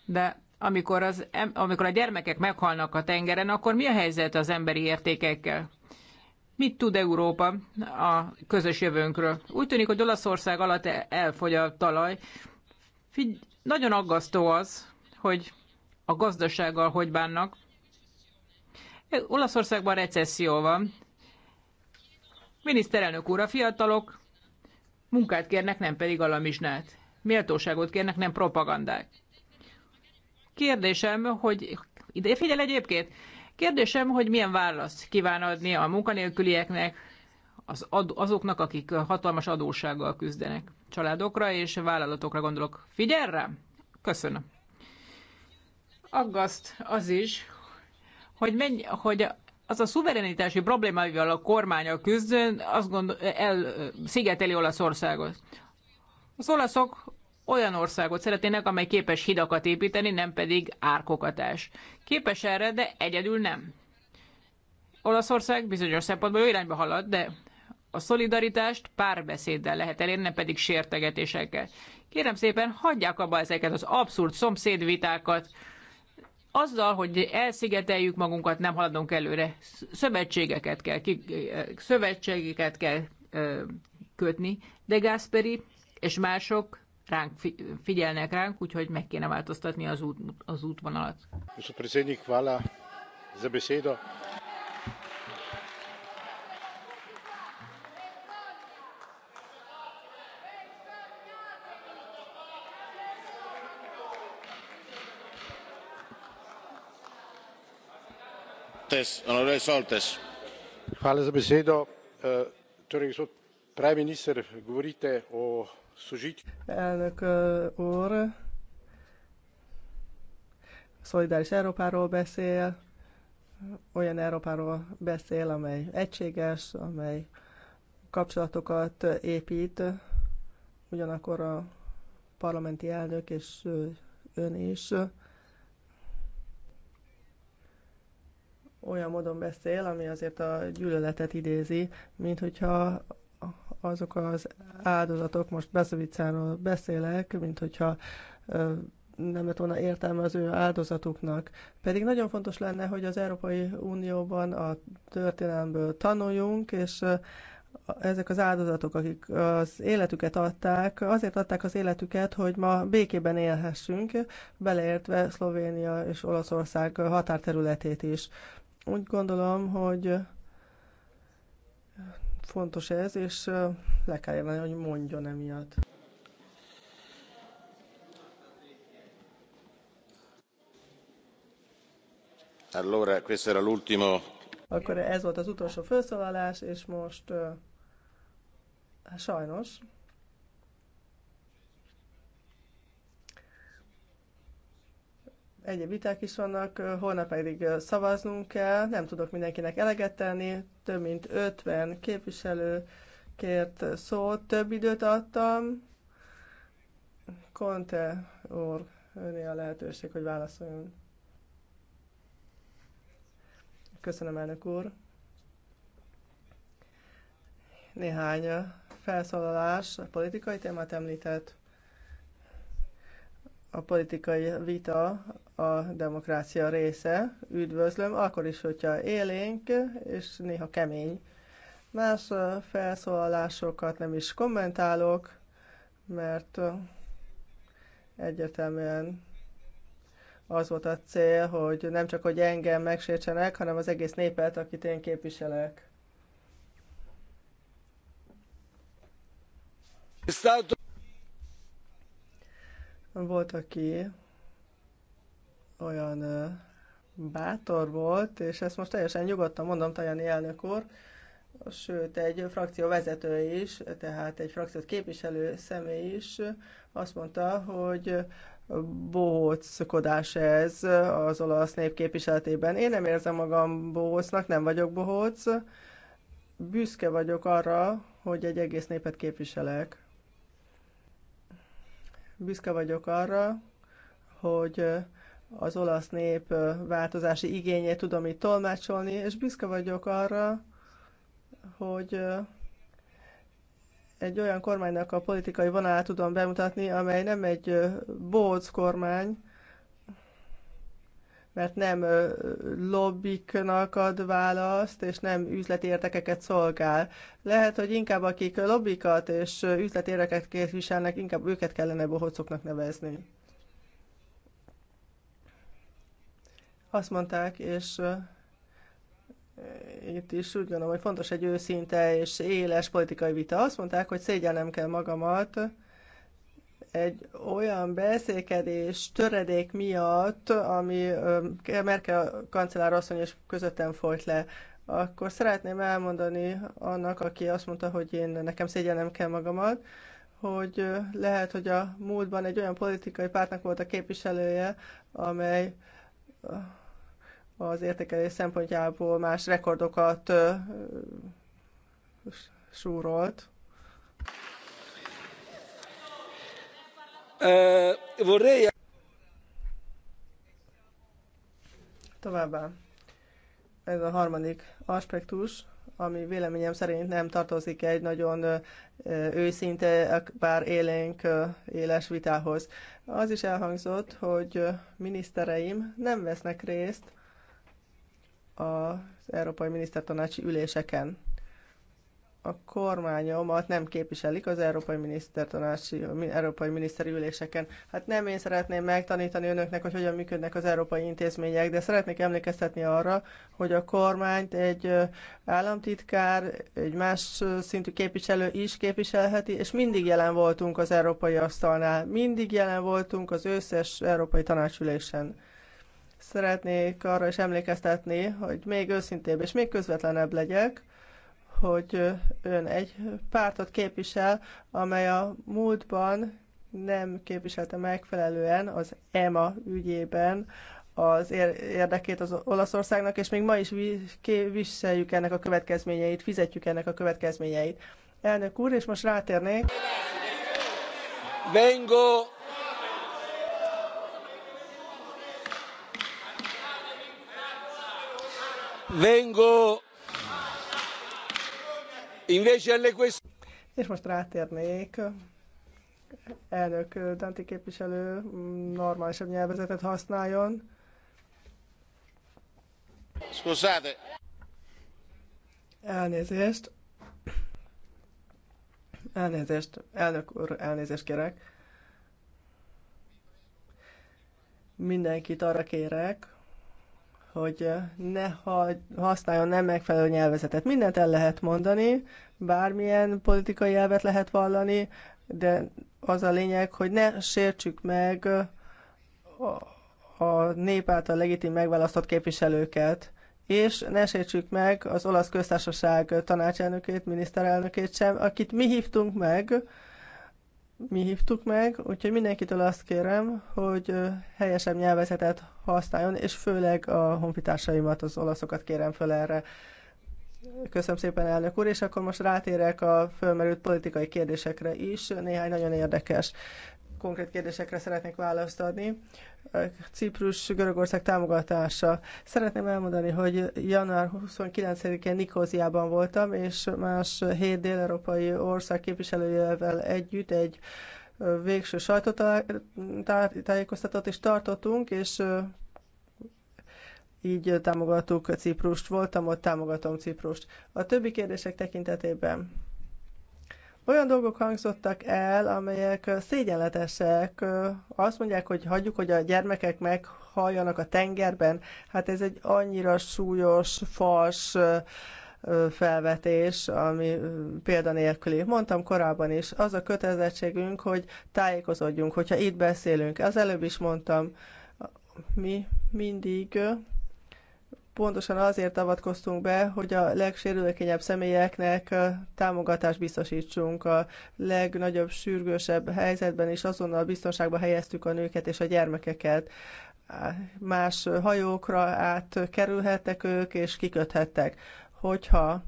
de amikor, az, amikor a gyermekek meghalnak a tengeren, akkor mi a helyzet az emberi értékekkel? Mit tud Európa a közös jövőnkről? Úgy tűnik, hogy Olaszország alatt e-, elfogy a talaj. Figy- nagyon aggasztó az, hogy a gazdasággal hogy bánnak. E-, Olaszországban recesszió van. Miniszterelnök úr, a fiatalok munkát kérnek, nem pedig alamisnát. Méltóságot kérnek, nem propagandát. Kérdésem, hogy ide figyel egyébként, kérdésem, hogy milyen választ kíván adni a munkanélkülieknek, az ad, azoknak, akik hatalmas adóssággal küzdenek. Családokra és vállalatokra gondolok. Figyel rám? Köszönöm. Aggaszt az is, hogy, mennyi, hogy az a szuverenitási amivel a kormánya küzdön, azt gondol, el szigeteli Olaszországot. Az olaszok olyan országot szeretnének, amely képes hidakat építeni, nem pedig árkokatás. Képes erre, de egyedül nem. Olaszország bizonyos szempontból jó irányba halad, de a szolidaritást párbeszéddel lehet elérni, nem pedig sértegetésekkel. Kérem szépen, hagyják abba ezeket az abszurd szomszédvitákat, azzal, hogy elszigeteljük magunkat, nem haladunk előre. Szövetségeket kell, ki, szövetségeket kell ö, kötni, de Gászperi és mások ránk figyelnek ránk, úgyhogy meg kéne változtatni az, út, az útvonalat. hvala za besedo. Eh, torej gospod prime minister govorite o Elnök úr, szolidáris Európáról beszél, olyan Európáról beszél, amely egységes, amely kapcsolatokat épít, ugyanakkor a parlamenti elnök és ön is olyan módon beszél, ami azért a gyűlöletet idézi, mint hogyha azok az áldozatok, most Beszavicáról beszélek, mint hogyha nem lett volna értelme az ő áldozatuknak. Pedig nagyon fontos lenne, hogy az Európai Unióban a történelmből tanuljunk, és ezek az áldozatok, akik az életüket adták, azért adták az életüket, hogy ma békében élhessünk, beleértve Szlovénia és Olaszország határterületét is. Úgy gondolom, hogy Fontos ez, és le kell jelenni, hogy mondjon emiatt. Allora, questo era l'ultimo. Akkor ez volt az utolsó felszólalás, és most hát sajnos ennyi viták is vannak, holnap pedig szavaznunk kell, nem tudok mindenkinek eleget tenni, több mint 50 képviselő kért szót, több időt adtam. Konte úr, öné a lehetőség, hogy válaszoljon. Köszönöm, elnök úr. Néhány felszólalás, a politikai témát említett, a politikai vita a demokrácia része, üdvözlöm, akkor is, hogyha élénk, és néha kemény. Más felszólalásokat nem is kommentálok, mert egyértelműen az volt a cél, hogy nem csak, hogy engem megsértsenek, hanem az egész népet, akit én képviselek. Volt, aki olyan bátor volt, és ezt most teljesen nyugodtan mondom, Tajani elnök úr, sőt, egy frakció vezető is, tehát egy frakciót képviselő személy is azt mondta, hogy bohóckodás ez az olasz nép képviseletében. Én nem érzem magam bohócnak, nem vagyok bohóc. Büszke vagyok arra, hogy egy egész népet képviselek. Büszke vagyok arra, hogy az olasz nép változási igényét tudom itt tolmácsolni, és büszke vagyok arra, hogy egy olyan kormánynak a politikai vonalát tudom bemutatni, amely nem egy bóc kormány, mert nem lobbiknak ad választ, és nem üzleti értekeket szolgál. Lehet, hogy inkább akik lobbikat és üzleti érdekeket képviselnek, inkább őket kellene bohócoknak nevezni. Azt mondták, és itt is úgy gondolom, hogy fontos egy őszinte és éles politikai vita. Azt mondták, hogy szégyellem kell magamat egy olyan beszélkedés töredék miatt, ami Merkel kancellár asszony és közöttem folyt le. Akkor szeretném elmondani annak, aki azt mondta, hogy én nekem szégyellem kell magamat, hogy lehet, hogy a múltban egy olyan politikai pártnak volt a képviselője, amely az értékelés szempontjából más rekordokat súrolt. Továbbá ez a harmadik aspektus, ami véleményem szerint nem tartozik egy nagyon őszinte, bár élénk éles vitához. Az is elhangzott, hogy minisztereim nem vesznek részt az Európai Minisztertanácsi üléseken. A kormányomat nem képviselik az Európai Minisztertanácsi, Európai Miniszteri üléseken. Hát nem én szeretném megtanítani önöknek, hogy hogyan működnek az európai intézmények, de szeretnék emlékeztetni arra, hogy a kormányt egy államtitkár, egy más szintű képviselő is képviselheti, és mindig jelen voltunk az európai asztalnál, mindig jelen voltunk az összes európai tanácsülésen Szeretnék arra is emlékeztetni, hogy még őszintébb és még közvetlenebb legyek, hogy ön egy pártot képvisel, amely a múltban nem képviselte megfelelően az EMA ügyében az érdekét az Olaszországnak, és még ma is képviseljük ennek a következményeit, fizetjük ennek a következményeit. Elnök úr, és most rátérnék. Vengo vengo invece alle questioni. És most rátérnék elnök Danti képviselő mm, normálisabb nyelvezetet használjon. Scusate. Elnézést. Elnézést, elnök úr, elnézést kérek. Mindenkit arra kérek, hogy eh, ne használjon nem megfelelő nyelvezetet. Mindent el lehet mondani, bármilyen politikai elvet lehet vallani, de az a lényeg, hogy ne sértsük meg eh, a, a nép által legitim megválasztott képviselőket, és ne sértsük meg az olasz köztársaság tanácselnökét, miniszterelnökét sem, akit mi hívtunk meg, mi hívtuk meg, úgyhogy mindenkitől azt kérem, hogy helyesebb nyelvezetet használjon, és főleg a honfitársaimat, az olaszokat kérem föl erre. Köszönöm szépen, elnök úr, és akkor most rátérek a fölmerült politikai kérdésekre is, néhány nagyon érdekes konkrét kérdésekre szeretnék választ adni. Ciprus, Görögország támogatása. Szeretném elmondani, hogy január 29-én Nikóziában voltam, és más hét dél-európai ország képviselőjével együtt egy végső sajtótájékoztatót is tartottunk, és így támogattuk Ciprust. Voltam ott, támogatom Ciprust. A többi kérdések tekintetében olyan dolgok hangzottak el, amelyek szégyenletesek. Azt mondják, hogy hagyjuk, hogy a gyermekek meghalljanak a tengerben. Hát ez egy annyira súlyos, fals felvetés, ami példanélküli. Mondtam korábban is, az a kötelezettségünk, hogy tájékozódjunk, hogyha itt beszélünk. Az előbb is mondtam, mi mindig pontosan azért avatkoztunk be, hogy a legsérülékenyebb személyeknek támogatást biztosítsunk. A legnagyobb, sürgősebb helyzetben is azonnal biztonságba helyeztük a nőket és a gyermekeket. Más hajókra átkerülhettek ők, és kiköthettek. Hogyha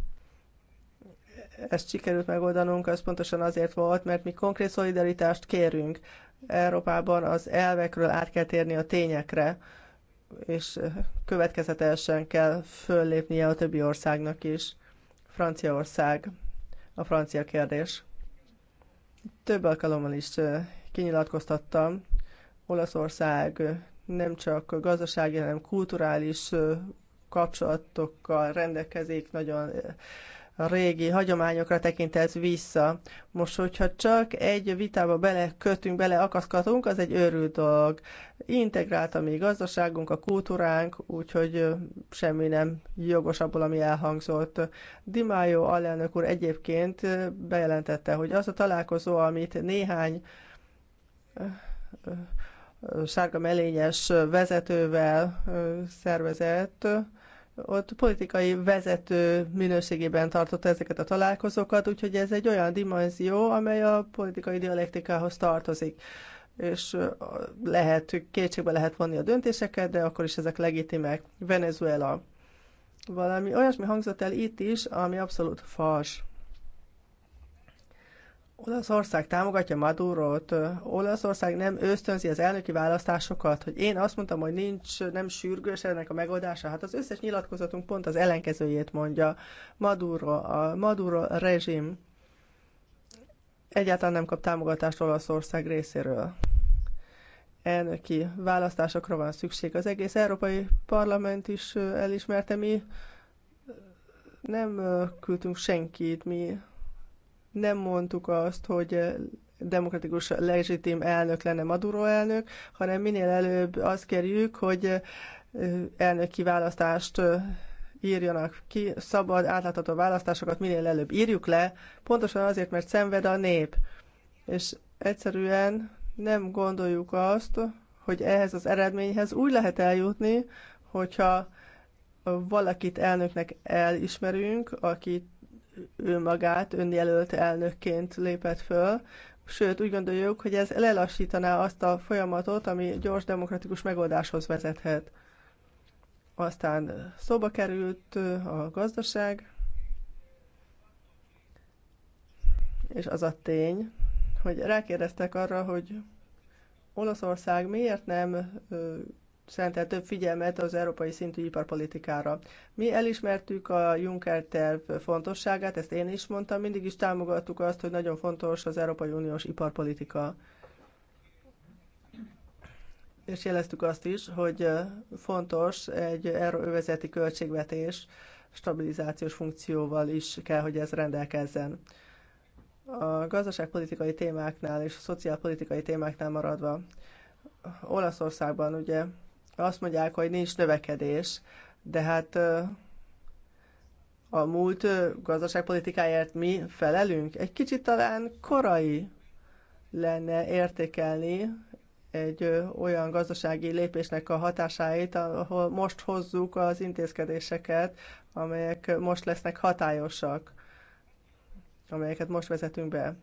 ezt sikerült megoldanunk, az pontosan azért volt, mert mi konkrét szolidaritást kérünk. Európában az elvekről át kell térni a tényekre és következetesen kell föllépnie a többi országnak is. Franciaország, a francia kérdés. Több alkalommal is kinyilatkoztattam, Olaszország nem csak gazdasági, hanem kulturális kapcsolatokkal rendelkezik, nagyon régi hagyományokra tekintett vissza. Most, hogyha csak egy vitába bele kötünk, bele akaszkatunk, az egy őrült dolog. Integrált a mi gazdaságunk, a kultúránk, úgyhogy semmi nem jogos abból, ami elhangzott. Dimájó alelnök úr egyébként bejelentette, hogy az a találkozó, amit néhány sárga melényes vezetővel szervezett, ott politikai vezető minőségében tartotta ezeket a találkozókat, úgyhogy ez egy olyan dimenzió, amely a politikai dialektikához tartozik és lehet, kétségbe lehet vonni a döntéseket, de akkor is ezek legitimek. Venezuela. Valami olyasmi hangzott el itt is, ami abszolút fals. Olaszország támogatja Madurot. Olaszország nem ösztönzi az elnöki választásokat, hogy én azt mondtam, hogy nincs, nem sürgős ennek a megoldása. Hát az összes nyilatkozatunk pont az ellenkezőjét mondja. Maduro, a Maduro rezsim egyáltalán nem kap támogatást Olaszország részéről. Elnöki választásokra van szükség. Az egész Európai Parlament is elismerte, mi nem küldtünk senkit, mi nem mondtuk azt, hogy eh, demokratikus legitim elnök lenne Maduro elnök, hanem minél előbb azt kérjük, hogy eh, elnöki választást eh, írjanak ki, szabad, átlátható választásokat minél előbb írjuk le, pontosan azért, mert szenved a nép. És egyszerűen nem gondoljuk azt, hogy ehhez az eredményhez úgy lehet eljutni, hogyha valakit elnöknek elismerünk, akit ő magát önjelölt elnökként lépett föl, sőt úgy gondoljuk, hogy ez lelassítaná azt a folyamatot, ami gyors demokratikus megoldáshoz vezethet. Aztán szóba került a gazdaság, és az a tény, hogy rákérdeztek arra, hogy Olaszország miért nem szentel több figyelmet az európai szintű iparpolitikára. Mi elismertük a Juncker terv fontosságát, ezt én is mondtam, mindig is támogattuk azt, hogy nagyon fontos az Európai Uniós iparpolitika. És jeleztük azt is, hogy fontos egy euróövezeti költségvetés stabilizációs funkcióval is kell, hogy ez rendelkezzen. A gazdaságpolitikai témáknál és a szociálpolitikai témáknál maradva, Olaszországban ugye azt mondják, hogy nincs növekedés, de hát a múlt gazdaságpolitikáért mi felelünk. Egy kicsit talán korai lenne értékelni egy olyan gazdasági lépésnek a hatásait, ahol most hozzuk az intézkedéseket, amelyek most lesznek hatályosak, amelyeket most vezetünk be.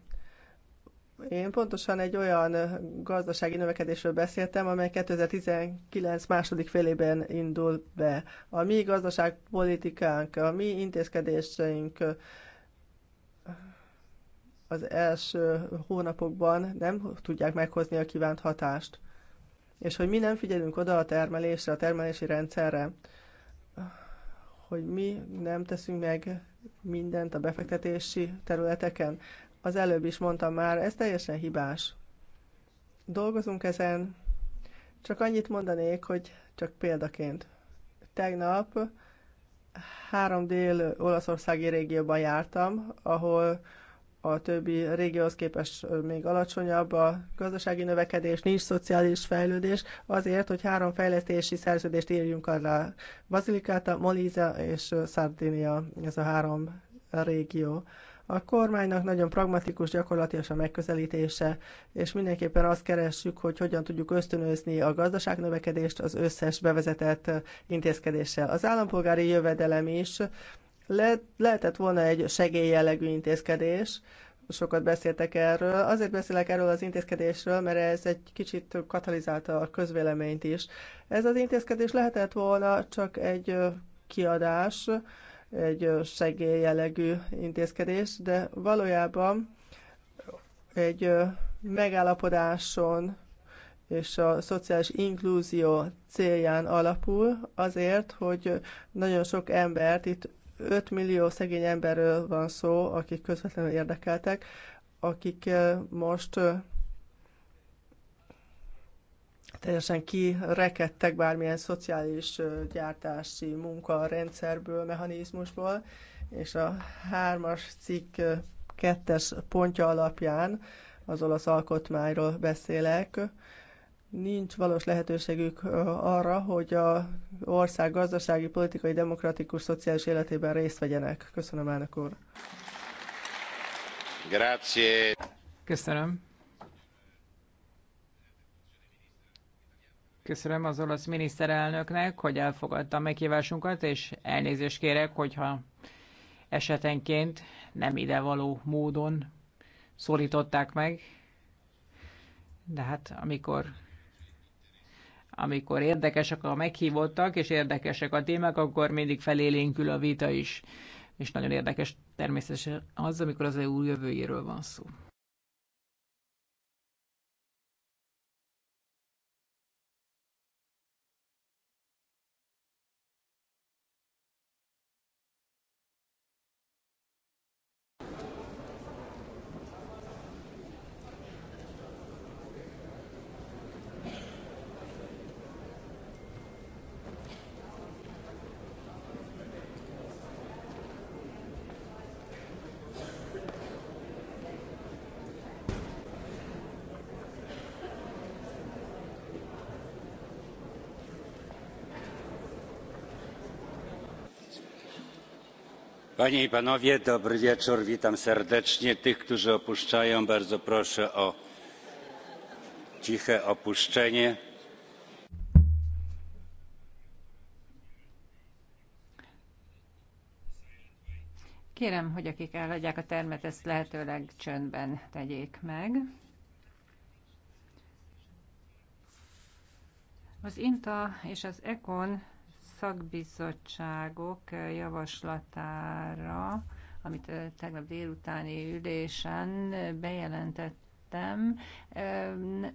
Én pontosan egy olyan gazdasági növekedésről beszéltem, amely 2019 második félében indul be. A mi gazdaságpolitikánk, a mi intézkedéseink az első hónapokban nem tudják meghozni a kívánt hatást. És hogy mi nem figyelünk oda a termelésre, a termelési rendszerre, hogy mi nem teszünk meg mindent a befektetési területeken az előbb is mondtam már, ez teljesen hibás. Dolgozunk ezen, csak annyit mondanék, hogy csak példaként. Tegnap három dél-olaszországi régióban jártam, ahol a többi régióhoz képest még alacsonyabb a gazdasági növekedés, nincs szociális fejlődés, azért, hogy három fejlesztési szerződést írjunk alá. Bazilikáta, Molíza és Sardinia, ez a három régió. A kormánynak nagyon pragmatikus, gyakorlatilag a megközelítése, és mindenképpen azt keressük, hogy hogyan tudjuk ösztönözni a gazdaság növekedést az összes bevezetett intézkedéssel. Az állampolgári jövedelem is le- lehetett volna egy segélyjellegű intézkedés, sokat beszéltek erről. Azért beszélek erről az intézkedésről, mert ez egy kicsit katalizálta a közvéleményt is. Ez az intézkedés lehetett volna csak egy kiadás, egy segélyjellegű intézkedés, de valójában egy megállapodáson és a szociális inklúzió célján alapul azért, hogy nagyon sok embert, itt 5 millió szegény emberről van szó, akik közvetlenül érdekeltek, akik most teljesen kirekedtek bármilyen szociális gyártási munka rendszerből, mechanizmusból, és a hármas cikk kettes pontja alapján az olasz alkotmányról beszélek, nincs valós lehetőségük arra, hogy a ország gazdasági, politikai, demokratikus, szociális életében részt vegyenek. Köszönöm, elnök úr. Grazie. Köszönöm. Köszönöm az olasz miniszterelnöknek, hogy elfogadta meghívásunkat, és elnézést kérek, hogyha esetenként nem idevaló módon szólították meg. De hát amikor, amikor érdekesek a meghívottak, és érdekesek a témák, akkor mindig felélénkül a vita is. És nagyon érdekes természetesen az, amikor az EU jövőjéről van szó. panie i panowie dobry wieczór! witam serdecznie tych którzy opuszczają bardzo proszę o ciche opuszczenie. kérem hogy akik elhagyják a termet ezt lehetőleg csöndben tegyék meg. az inta és az econ szakbizottságok javaslatára, amit tegnap délutáni ülésen bejelentettem,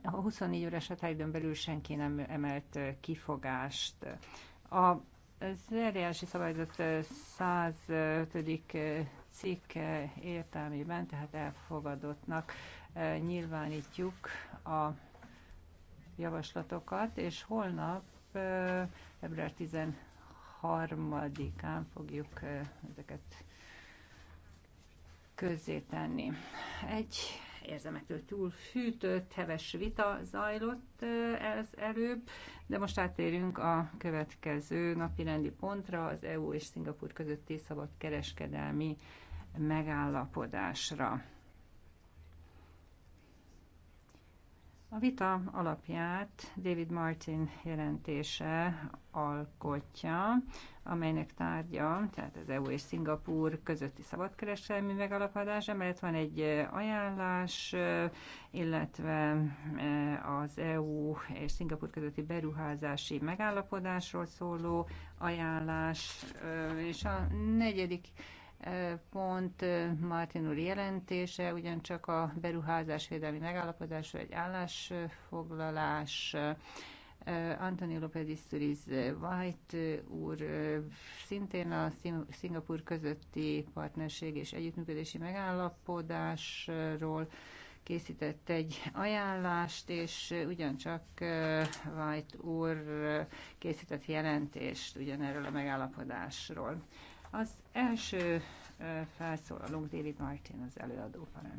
24 órás határidőn belül senki nem emelt kifogást. A az eljárási szabályzat 105. cikk értelmében, tehát elfogadottnak nyilvánítjuk a javaslatokat, és holnap február 13-án fogjuk ezeket közzétenni. Egy érzemektől túl fűtött, heves vita zajlott ez előbb, de most átérünk a következő napi rendi pontra, az EU és Szingapur közötti szabad kereskedelmi megállapodásra. A vita alapját David Martin jelentése alkotja, amelynek tárgya, tehát az EU és Szingapúr közötti szabadkereselmi megalapodás, emellett van egy ajánlás, illetve eh, az EU és Szingapúr közötti beruházási megállapodásról szóló ajánlás, eh, és a negyedik pont Martin úr jelentése, ugyancsak a beruházásvédelmi megállapodásra egy állásfoglalás, Antonio López Isturiz White úr szintén a Szingapur közötti partnerség és együttműködési megállapodásról készített egy ajánlást, és ugyancsak White úr készített jelentést ugyanerről a megállapodásról. Az első felszólalunk David Martin, az előadó parancsolja.